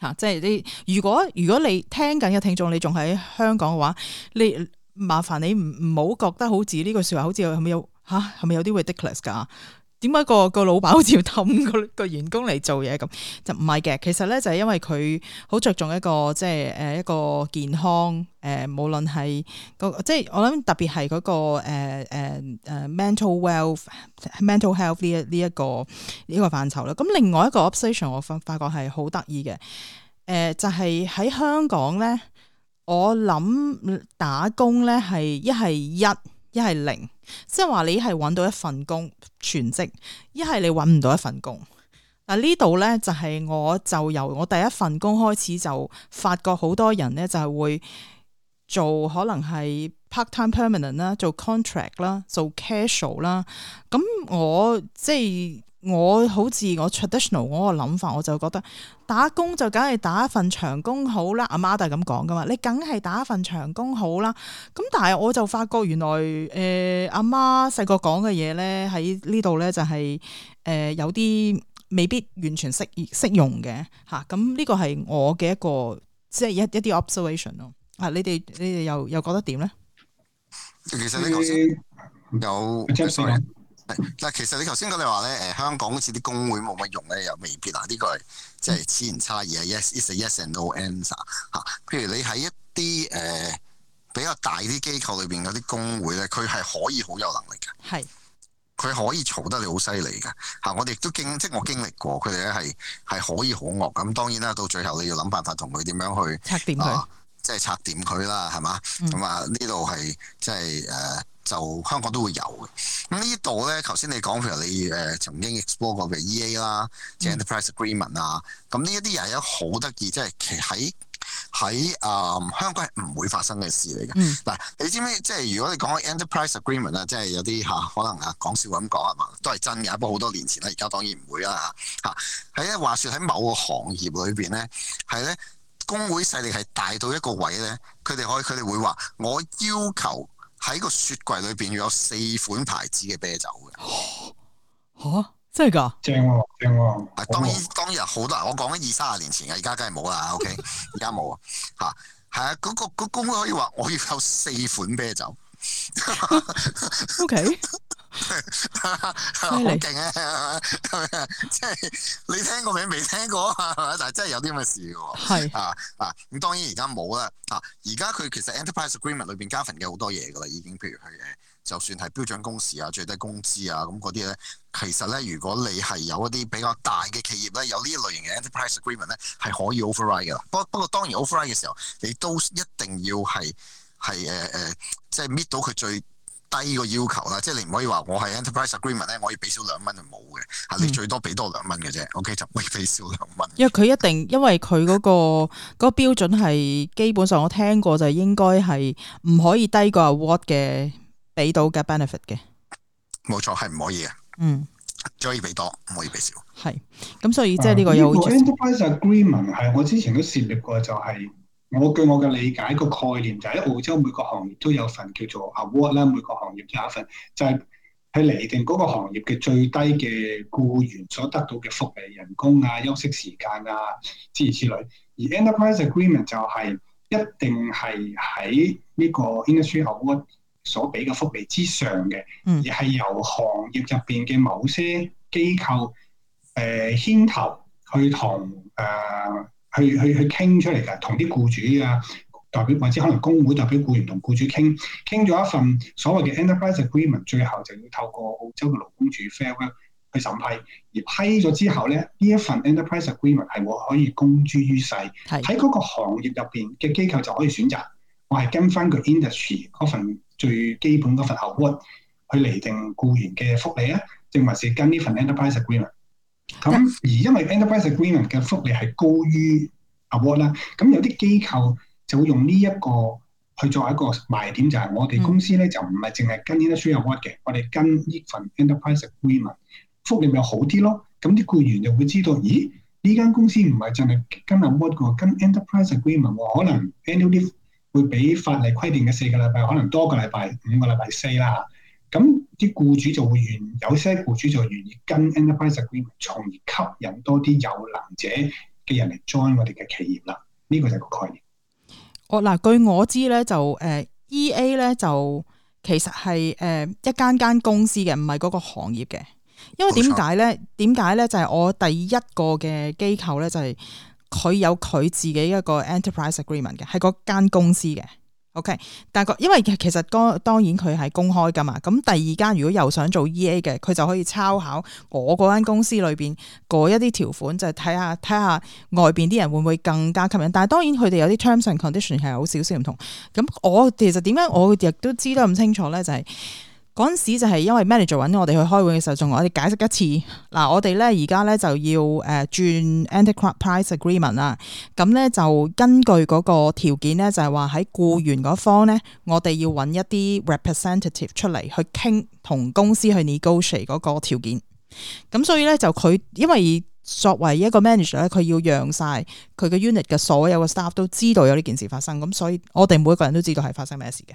嚇、啊，即係啲如果如果你聽緊嘅聽眾，你仲喺香港嘅話，你麻煩你唔唔好覺得好似呢句説話，好似係咪有嚇係咪有啲 ridiculous 點解個個老闆好似要氹個個員工嚟做嘢咁？就唔係嘅，其實咧就係因為佢好着重一個即係誒一個健康誒、呃，無論係個即係、就是、我諗特別係嗰個誒誒誒 mental wealth mental health 呢一呢一個呢、這個範疇啦。咁另外一個 obsession，我發發覺係好得意嘅誒，就係、是、喺香港咧，我諗打工咧係一係一。一係零，即係話你係揾到一份工全職，一係你揾唔到一份工。嗱呢度咧就係我就由我第一份工開始就發覺好多人咧就係會做可能係 part time permanent 啦，做 contract 啦，做 casual 啦。咁我即係。我好似我 traditional 我個諗法，我就覺得打工就梗係打一份長工好啦，阿媽都係咁講噶嘛，你梗係打一份長工好啦。咁但係我就發覺原來誒阿媽細個講嘅嘢，咧喺呢度咧就係誒有啲未必完全適適用嘅吓。咁呢個係我嘅一個即係一一啲 observation 咯。啊，你哋你哋又又覺得點咧？其實你頭先有。嗱，其實你頭先講你話咧，誒、呃、香港好似啲工會冇乜用咧，又未必嗱。呢個即係此言差異啊。Yes is a yes and no answer。嚇，譬如你喺一啲誒、呃、比較大啲機構裏邊嗰啲工會咧，佢係可以好有能力嘅。係是。佢可以嘈得你好犀利㗎。嚇、嗯，我哋都經，即我經歷過，佢哋咧係係可以好惡。咁當然啦，到最後你要諗辦法同佢點樣去嚇，即係拆點佢啦，係、呃、嘛？咁啊，呢度係即係誒。就香港都會有嘅。咁呢度咧，頭先你講，譬如你誒、呃、曾經 explore 過嘅 EA、嗯、啦，即 enterprise agreement 啊，咁呢一啲又係好得意，即係其喺喺誒香港係唔會發生嘅事嚟嘅。嗱、嗯，你知唔知？即係如果你講 enterprise agreement 啦，即係有啲嚇可能啊講笑咁講係嘛，都係真嘅。不過好多年前啦，而家當然唔會啦嚇嚇。喺、啊、咧話説喺某個行業裏邊咧，係咧工會勢力係大到一個位咧，佢哋可以佢哋會話我要求。喺個雪櫃裏邊要有四款牌子嘅啤酒嘅，吓、啊、真係噶正喎、啊、正喎、啊。係當 [LAUGHS] 當日好多人，我講緊二三十年前嘅，而家梗係冇啦。O K，而家冇啊，吓係啊，嗰、啊啊嗰個公可以話我要有四款啤酒。O K，好勁啊！即係 [LAUGHS] [LAUGHS] [LAUGHS] 你聽過未？未聽過但係真係有啲咁嘅事嘅。係是啊啊！咁當然而家冇啦。啊，而家佢其實 Enterprise Agreement 裏邊加份嘅好多嘢噶啦，已經譬如佢誒，就算係標準工時啊、最低工資啊咁嗰啲咧，其實咧，如果你係有一啲比較大嘅企業咧，有呢一類型嘅 Enterprise Agreement 咧，係可以 override 嘅。不過不過當然 override 嘅時候，你都一定要係。係誒誒，即係搣到佢最低個要求啦，即係你唔可以話我係 enterprise agreement 咧，我可以俾少兩蚊就冇嘅？吓、嗯、你最多俾多兩蚊嘅啫。O、okay？K 就唔可以俾少兩蚊。因為佢一定，因為佢嗰、那個嗰、那個標準係基本上我聽過就係應該係唔可以低過 award 嘅，俾到嘅 benefit 嘅。冇錯，係唔可以嘅。嗯，可以俾多，唔可以俾少。係，咁所以即係呢個，個 enterprise agreement 係我之前都涉獵過，就係、是。我據我嘅理解，個概念就係喺澳洲每個行業都有份叫做 award 啦，每個行業都有份，就係去釐定嗰個行業嘅最低嘅僱員所得到嘅福利、人工啊、休息時間啊諸如此類。而 enterprise agreement 就係一定係喺呢個 industry award 所俾嘅福利之上嘅，而係由行業入邊嘅某些機構誒、呃、牽頭去同誒。呃去去去傾出嚟㗎，同啲僱主啊代表，或者可能工會代表僱員同僱主傾，傾咗一份所謂嘅 enterprise agreement，最後就要透過澳洲嘅勞工處 Fair Work 去審批，而批咗之後咧，呢一份 enterprise agreement 係我可以公諸於世，喺嗰是個行業入邊嘅機構就可以選擇，我係跟翻個 industry 嗰份最基本嗰份 Award 去嚟定僱員嘅福利啊，定還是跟呢份 enterprise agreement？咁、嗯、而因為 enterprise agreement 嘅福利係高於 award 啦，咁有啲機構就會用呢一個去做一個賣點，就係、是、我哋公司咧、嗯、就唔係淨係跟呢一啲 Industry Award 嘅，我哋跟呢份 enterprise agreement 福利咪好啲咯。咁、那、啲、個、僱員就會知道，咦？呢間公司唔係淨係跟 award 喎，跟 enterprise agreement 喎、哦，可能 annual leave 會比法例規定嘅四個禮拜可能多個禮拜，五個禮拜四啦。咁啲僱主就會願，有些僱主就願意跟 Enterprise Agreement，從而吸引多啲有能者嘅人嚟 join 我哋嘅企業啦。呢、這個就係個概念。我嗱、哦、據我知咧，就誒、呃、EA 咧就其實係誒、呃、一間間公司嘅，唔係嗰個行業嘅。因為點解咧？點解咧？就係、是、我第一個嘅機構咧，就係、是、佢有佢自己一個 Enterprise Agreement 嘅，係嗰間公司嘅。OK，但個因為其實當當然佢係公開噶嘛，咁第二間如果又想做 EA 嘅，佢就可以抄考我嗰間公司裏邊嗰一啲條款，就睇下睇下外邊啲人會唔會更加吸引。但係當然佢哋有啲 terms and condition 係好少少唔同。咁我其實點解我亦都知得咁清楚咧？就係、是。嗰陣時就係因為 manager 揾我哋去開會嘅時候，仲我哋解釋一次。嗱，我哋咧而家咧就要誒轉 enterprise agreement 啦。咁咧就根據嗰個條件咧，就係話喺雇員嗰方咧，我哋要揾一啲 representative 出嚟去傾，同公司去 negotiate 嗰個條件。咁所以咧就佢因為作為一個 manager 咧，佢要讓晒佢嘅 unit 嘅所有嘅 staff 都知道有呢件事發生。咁所以我哋每個人都知道係發生咩事嘅。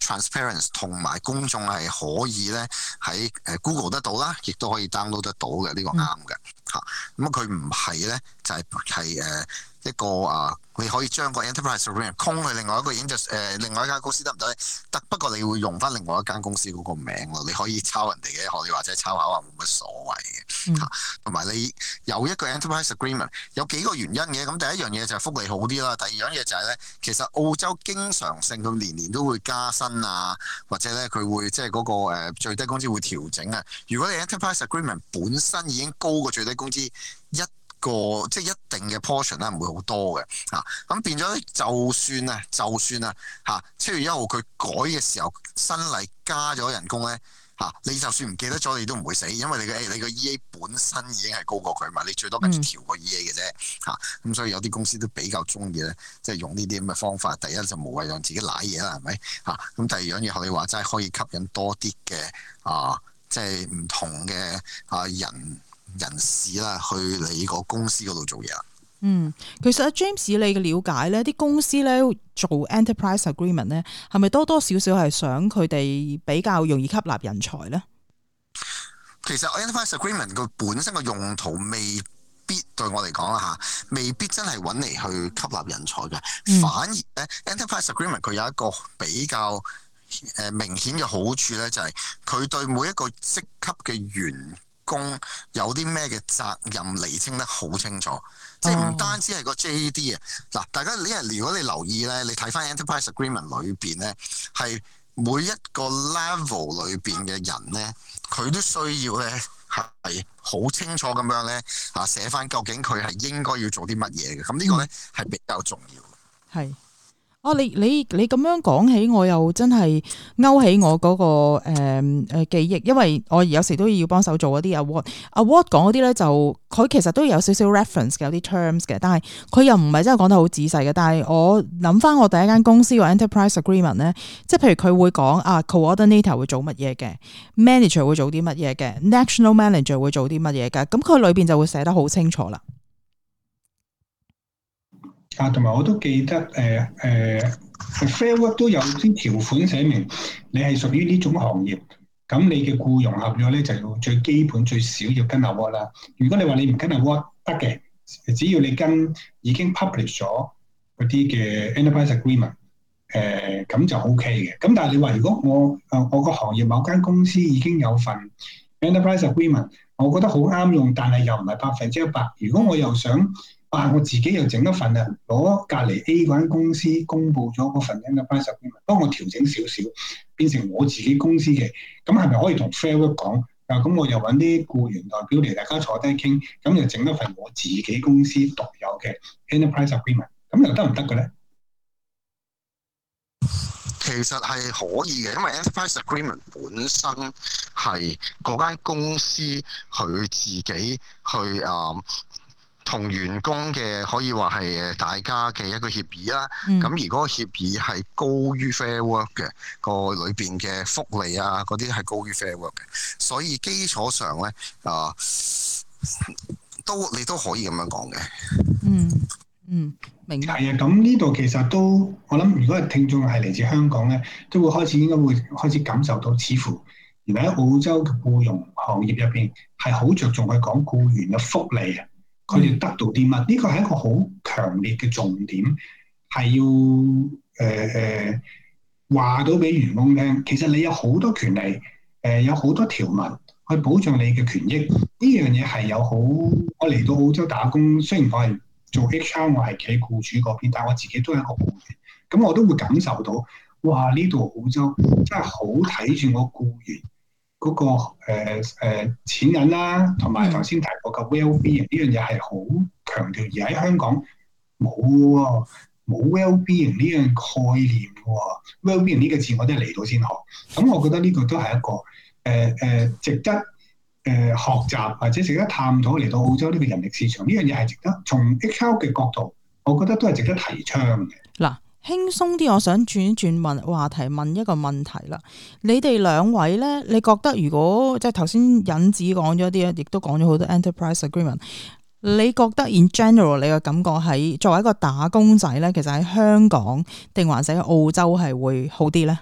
Transparency 同埋公眾係可以咧喺誒 Google 得到啦，亦都可以 download 得到嘅，這個嗯啊、呢個啱嘅嚇。咁佢唔係咧就係係誒。一個啊，你可以將個 enterprise agreement 空去另外一個 industry、呃、另外一間公司得唔得？得，不過你會用翻另外一間公司嗰個名咯，你可以抄人哋嘅，可以或者抄下話冇乜所謂嘅。同埋、嗯啊、你有一個 enterprise agreement，有幾個原因嘅。咁第一樣嘢就係福利好啲啦，第二樣嘢就係咧，其實澳洲經常性到年年都會加薪啊，或者咧佢會即係嗰、嗰個、呃、最低工資會調整啊。如果你 enterprise agreement 本身已經高過最低工資一個即係一定嘅 portion 咧，唔會好多嘅嚇。咁變咗咧，就算咧，就算咧嚇，七月一號佢改嘅時候，新例加咗人工咧嚇、啊，你就算唔記得咗，你都唔會死，因為你嘅你嘅 EA 本身已經係高過佢嘛，你最多跟住調個 EA 嘅啫嚇。咁、嗯啊、所以有啲公司都比較中意咧，即係用呢啲咁嘅方法。第一就無謂讓自己舐嘢啦，係咪嚇？咁、啊、第二樣嘢，你話齋可以吸引多啲嘅啊，即係唔同嘅啊人。人士啦，去你個公司嗰度做嘢。嗯，其實阿、啊、James，你嘅了解呢啲公司呢做 Enterprise Agreement 呢，係咪多多少少係想佢哋比較容易吸納人才呢？其實 Enterprise Agreement 佢本身嘅用途未必對我嚟講啦吓，未必真係搵嚟去吸納人才嘅。嗯、反而咧，Enterprise Agreement 佢有一個比較誒明顯嘅好處呢就係佢對每一個職級嘅員公有啲咩嘅責任釐清得好清楚，即係唔單止係個 JD 啊、哦。嗱，大家呢啲如果你留意咧，你睇翻 Enterprise Agreement 裏邊咧，係每一個 level 裏邊嘅人咧，佢都需要咧係好清楚咁樣咧啊寫翻究竟佢係應該要做啲乜嘢嘅。咁呢、嗯、個咧係比較重要。係。哦、啊，你你你咁樣講起，我又真係勾起我嗰個誒誒記憶，因為我有時都要幫手做嗰啲 award award 講嗰啲咧， [MUSIC] 啊、就佢其實都有少少 reference 嘅，有啲 terms 嘅，但係佢又唔係真係講得好仔細嘅。但係我諗翻我第一間公司個 enterprise agreement 咧，即係譬如佢會講啊 coordinator 會做乜嘢嘅，manager 會做啲乜嘢嘅，national manager 會做啲乜嘢嘅，咁、嗯、佢裏邊就會寫得好清楚啦。啊，同埋我都記得，誒、呃、誒、呃、Fair Work 都有啲條款寫明，你係屬於呢種行業，咁你嘅僱傭合約咧就要最基本最少要跟 Award 啦。如果你話你唔跟 Award 得嘅，只要你跟已經 publish 咗嗰啲嘅 Enterprise Agreement，誒、呃、咁就 O K 嘅。咁但係你話如果我誒、呃、我個行業某間公司已經有份 Enterprise Agreement，我覺得好啱用，但係又唔係百分之一百。如果我又想，啊！我自己又整一份啊，攞隔籬 A 嗰間公司公布咗嗰份《Enterprise Agreement》，幫我調整少少，變成我自己公司嘅，咁係咪可以同 Fair Work 講啊？咁、嗯、我又揾啲僱員代表嚟，大家坐低傾，咁、嗯、又整一份我自己公司獨有嘅、嗯《Enterprise Agreement》，咁又得唔得嘅咧？其實係可以嘅，因為《Enterprise Agreement》本身係嗰間公司佢自己去啊。嗯同員工嘅可以話係誒大家嘅一個協議啦。咁如果個協議係高於 fair work 嘅個裏邊嘅福利啊，嗰啲係高於 fair work 嘅。所以基礎上咧啊，都你都可以咁樣講嘅。嗯嗯，明白。係啊，咁呢度其實都我諗，如果係聽眾係嚟自香港咧，都會開始應該會開始感受到，似乎原來喺澳洲嘅僱傭行業入邊係好着重去講僱員嘅福利啊。佢哋得到啲乜？呢個係一個好強烈嘅重點，係要誒誒、呃呃、話到俾員工聽。其實你有好多權利，誒、呃、有好多條文去保障你嘅權益。呢樣嘢係有好。我嚟到澳洲打工，雖然我係做 HR，我係企喺僱主嗰邊，但係我自己都係一個僱員。咁我都會感受到，哇！呢度澳洲真係好睇住我僱員。嗰、那個誒誒、呃呃、錢銀啦，同埋頭先提過嘅 wellbeing 呢樣嘢係好強調，而喺香港冇喎，冇 wellbeing 呢樣概念喎，wellbeing 呢個字我都係嚟到先學，咁我覺得呢個都係一個誒誒、呃、值得誒、呃呃、學習，或者值得探討嚟到澳洲呢個人力市場呢樣嘢係值得從 HR 嘅角度，我覺得都係值得提倡嘅啦。輕鬆啲，我想轉一轉問話題，問一個問題啦。你哋兩位呢？你覺得如果即係頭先引子講咗啲，亦都講咗好多 Enterprise Agreement。你覺得 in general，你嘅感覺喺作為一個打工仔呢，其實喺香港定還係喺澳洲係會好啲呢？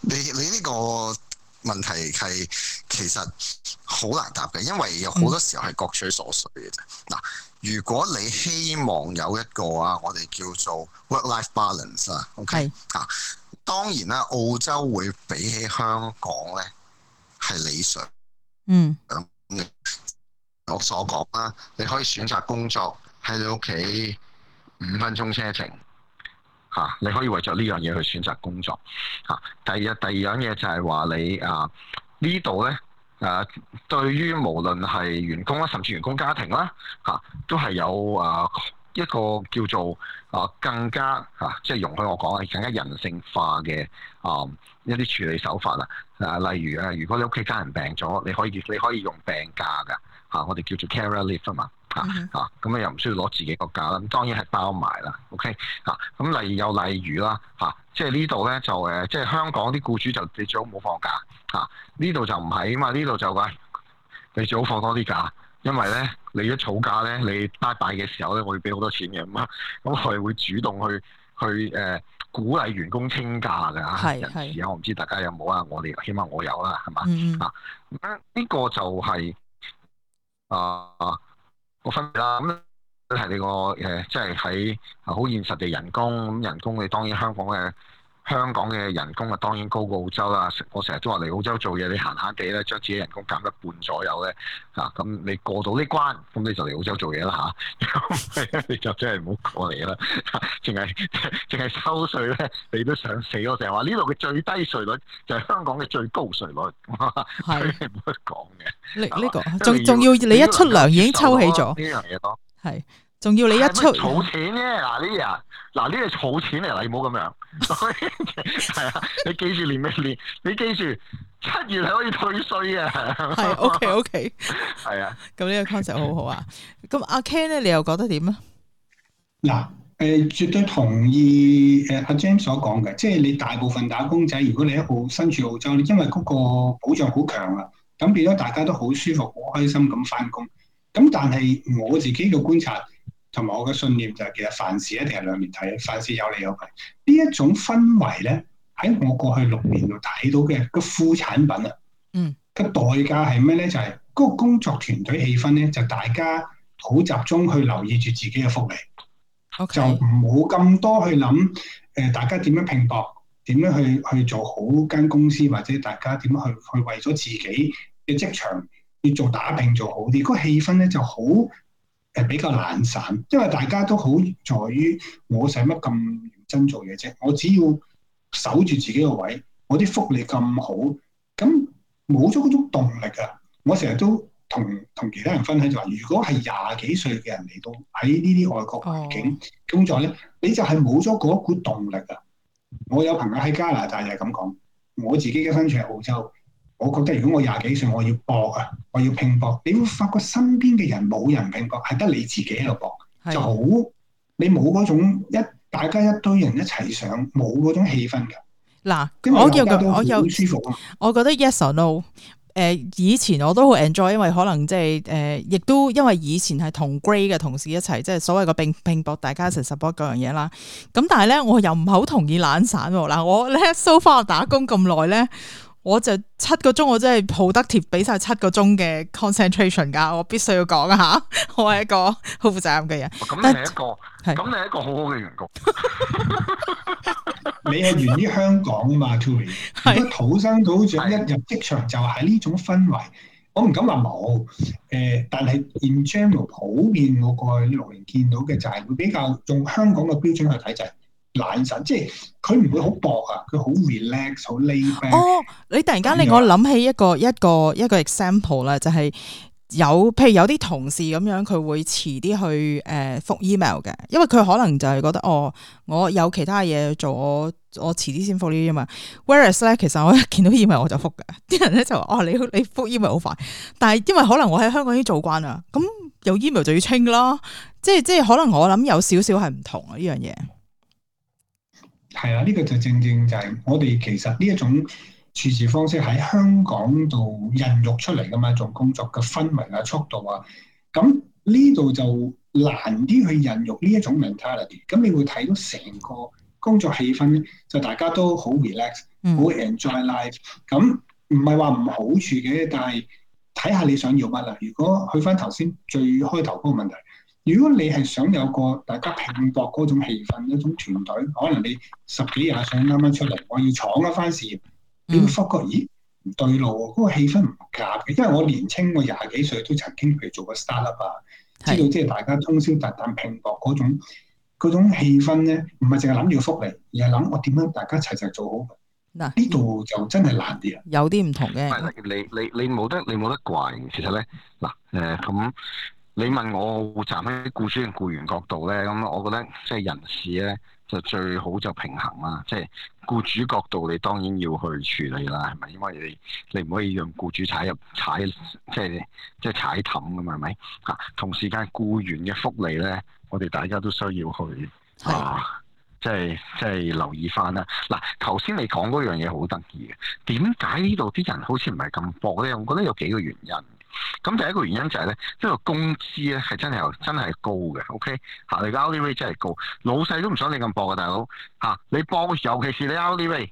你你呢個問題係其實好難答嘅，因為有好多時候係各取所需嘅啫。嗱。如果你希望有一個啊，我哋叫做 work-life balance 啊，OK 嚇是，當然啦，澳洲會比起香港咧係理想。嗯，我所講啦，你可以選擇工作喺你屋企五分鐘車程嚇、啊，你可以為咗呢樣嘢去選擇工作嚇、啊。第二第二樣嘢就係話你啊呢度咧。誒、啊、對於無論係員工啦，甚至員工家庭啦，嚇、啊、都係有誒、啊、一個叫做誒、啊、更加嚇、啊，即係容許我講啊，更加人性化嘅啊一啲處理手法啦。誒、啊、例如啊，如果你屋企家人病咗，你可以你可以用病假㗎嚇、啊，我哋叫做 carer leave 啊嘛。吓，咁你又唔需要攞自己個假啦，咁、啊啊、當然係包埋啦，OK 吓、啊，咁例如有例如啦吓，即係呢度咧就誒、呃，即係香港啲雇主，就你最好唔好放假吓，呢、啊、度就唔係啊嘛，呢度就嘅，你最好放多啲假，因為咧你一儲假咧，你拜拜嘅時候咧，我要俾好多錢嘅嘛，咁佢哋會主動去去誒、呃、鼓勵員工清假嘅，係、啊、係是是，我唔知大家有冇啊，我哋起碼我有啦，係嘛，啊，呢個就係啊。冇分別啦，咁都係你個誒，即係喺好現實嘅人工，咁、嗯、人工你當然香港嘅。呃香港嘅人工啊，當然高過澳洲啦。我成日都話嚟澳洲做嘢，你閒閒地咧，將自己人工減一半左右咧，啊咁你過到呢關，咁你就嚟澳洲做嘢啦嚇。啊、 [LAUGHS] 你就真係唔好過嚟啦。淨係淨係收稅咧，你都想死我。成日話呢度嘅最低稅率就係香港嘅最高稅率，係冇得講嘅。呢呢個仲仲要你一出糧已經抽起咗，呢樣嘢多，係。仲要你一出儲錢嘅嗱呢啲啊，嗱呢啲係儲錢嚟，你唔好咁樣。係啊，你記住練咩練？你記住七月係可以退稅啊。係、 [LAUGHS] [LAUGHS] 啊、，OK OK。係 [LAUGHS] 啊，咁呢個 concept 好好啊。咁阿 Ken 咧，你又覺得點啊？嗱，誒、呃，絕對同意誒阿、呃、James 所講嘅，即係你大部分打工仔，如果你喺好身處澳洲，你因為嗰個保障好強啊，咁變咗大家都好舒服、好開心咁翻工。咁但係我自己嘅觀察。同埋我嘅信念就係其實凡事一定係兩面睇，凡事有利有弊。呢一種氛圍咧，喺我過去六年度睇到嘅個副產品啊，嗯，個代價係咩咧？就係、是、嗰個工作團隊氣氛咧，就大家好集中去留意住自己嘅福利，Okay. 就唔好咁多去諗誒、呃，大家點樣拼搏，點樣去去做好間公司，或者大家點樣去去為咗自己嘅職場要做打拼做好啲。個氣氛咧就好。誒，比較懶散，因為大家都好在於我使乜咁認真做嘢啫，我只要守住自己個位，我啲福利咁好，咁冇咗嗰種動力啊！我成日都同同其他人分享就話、是，如果係廿幾歲嘅人嚟到喺呢啲外國境工作咧，你就係冇咗嗰股動力啊！我有朋友喺加拿大就係咁講，我自己嘅身處係澳洲。我覺得如果我廿幾歲，我要搏啊，我要拼搏，你會發覺身邊嘅人冇人拼搏，係得你自己喺度搏，的就好你冇嗰種一大家一堆人一齊上，冇嗰種氣氛㗎。嗱喇，我又咁，我又舒服啊。我覺得 yes or no，誒、呃、以前我都好 enjoy，因為可能即係誒，亦、呃、都因為以前係同 grade 嘅同事一齊，即係所謂個拼搏，大家一齊 support 各樣嘢啦。咁但係咧，我又唔係好同意懶散。嗱，我咧 so far 打工咁耐咧。我就七個鐘，我真係 productive，俾晒七個鐘嘅 concentration 噶，我必須要講下，我係一個好負責任嘅人。咁你、哦、一個，咁你但一個，是一個好好嘅員工。 [LAUGHS] 你係源於香港啊嘛，Tury。係 [LAUGHS] 土生土長，一入職場就喺呢種氛圍，是我唔敢話冇。誒、呃，但係 in general 普遍我過去六年見到嘅就係會比較用香港嘅標準去睇就係。懶神，即係佢唔會好搏啊，佢好 relax，好 lazy 哦，你突然間令我諗起一個一個一個 example 啦，就係、是、有譬如有啲同事咁樣，佢會遲啲去誒復、呃、email 嘅，因為佢可能就係覺得哦，我有其他嘢做，我我遲啲先復呢啲啊嘛。Whereas 咧，其實我一見到 email 我就復㗎，啲人咧就話哦，你你復 email 好快，但係因為可能我喺香港已經做慣啦，咁有 email 就要清囉，即係即係可能我諗有少少係唔同啊呢樣嘢。係啊，呢、這個就正正就係我哋其實呢一種處事方式喺香港度孕育出嚟噶嘛，做工作嘅氛圍啊、速度啊，咁呢度就難啲去孕育呢一種 mentality。咁你會睇到成個工作氣氛咧，就大家都 relaxed、嗯、life, 好 relax，好 enjoy life。咁唔係話唔好處嘅，但係睇下你想要乜啦。如果去翻頭先最開頭嗰個問題。如果你係想有個大家拼搏嗰種氣氛，一種團隊，可能你十幾廿歲啱啱出嚟，我要闖一番事業，你會發覺咦唔對路，嗰個氣氛唔夾嘅。因為我年輕，我廿幾歲都曾經譬如做過 startup 啊，知道即係大家通宵達旦拼搏嗰種嗰種氣氛咧，唔係淨係諗住福利，而係諗我點樣大家齊齊做好。嗱呢度就真係難啲啊、嗯！有啲唔同嘅， [MUSIC] 你你你冇得你冇得怪。其實咧嗱誒咁。 [MUSIC] 你問我站喺僱主嘅僱員角度咧，咁我覺得即係人事咧就最好就平衡啦。即係僱主角度，你當然要去處理啦，係咪？因為你你唔可以讓僱主踩入踩即係即係踩氹咁啊？係咪啊？同時間僱員嘅福利咧，我哋大家都需要去的啊，即係即係留意翻啦。嗱，頭先你講嗰樣嘢好得意嘅，點解呢度啲人好似唔係咁搏咧？我覺得有幾個原因。咁第一個原因就係、是、咧，呢、這個工資咧係真係真係高嘅。OK，吓你嘅 hourly rate 真係高，老細都唔想你咁搏嘅大佬。吓、啊、你搏尤其是你 hourly rate，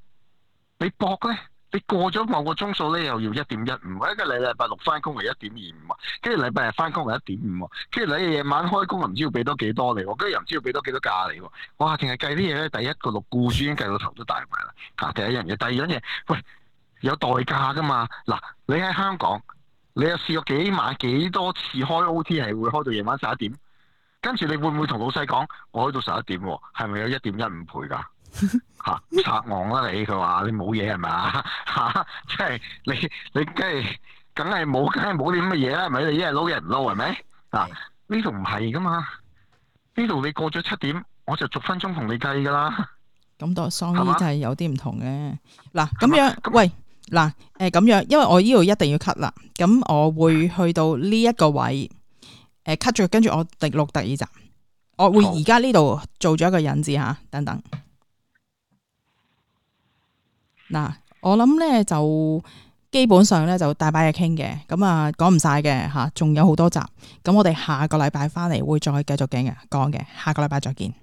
你搏咧，你過咗某個鐘數咧，又要一點一五，一個禮禮拜六翻工係一點二五啊，跟住禮拜日翻工係一點五，跟住你夜晚開工多多又唔知要俾多幾多你，跟住又唔知要俾多幾多價你。哇，淨係計啲嘢咧，第一個六雇主已經計到頭都大埋啦。吓、啊，第一樣嘢，第二樣嘢，喂，有代價噶嘛？嗱，你喺香港。你又試過幾晚幾多次開 O T 係會開到夜晚十一點，跟住你會唔會同老細講我開到十一點、啊，係咪有一點一五倍噶？吓、 [LAUGHS] 啊，拆謊啦你！佢話你冇嘢係嘛？吓，即係你你梗係梗係冇梗係冇啲咁嘅嘢啦，係咪？你一日撈人撈係咪？嗱，呢度唔係噶嘛，呢度你過咗七點，我就逐分鐘嗎同你計噶啦。咁多雙 E 就係有啲唔同嘅。嗱，咁樣，樣，這樣喂。嗱，誒咁樣，因為我呢度一定要 cut 啦，咁我會去到呢一個位，誒 cut 住，跟住我第六、第二集，我會而家呢度做咗一個引子嚇、啊，等等。嗱、啊，我諗咧就基本上咧就大把嘢傾嘅，咁啊講唔晒嘅嚇，仲、啊、有好多集，咁我哋下個禮拜翻嚟會再繼續講嘅，講嘅，下個禮拜再見。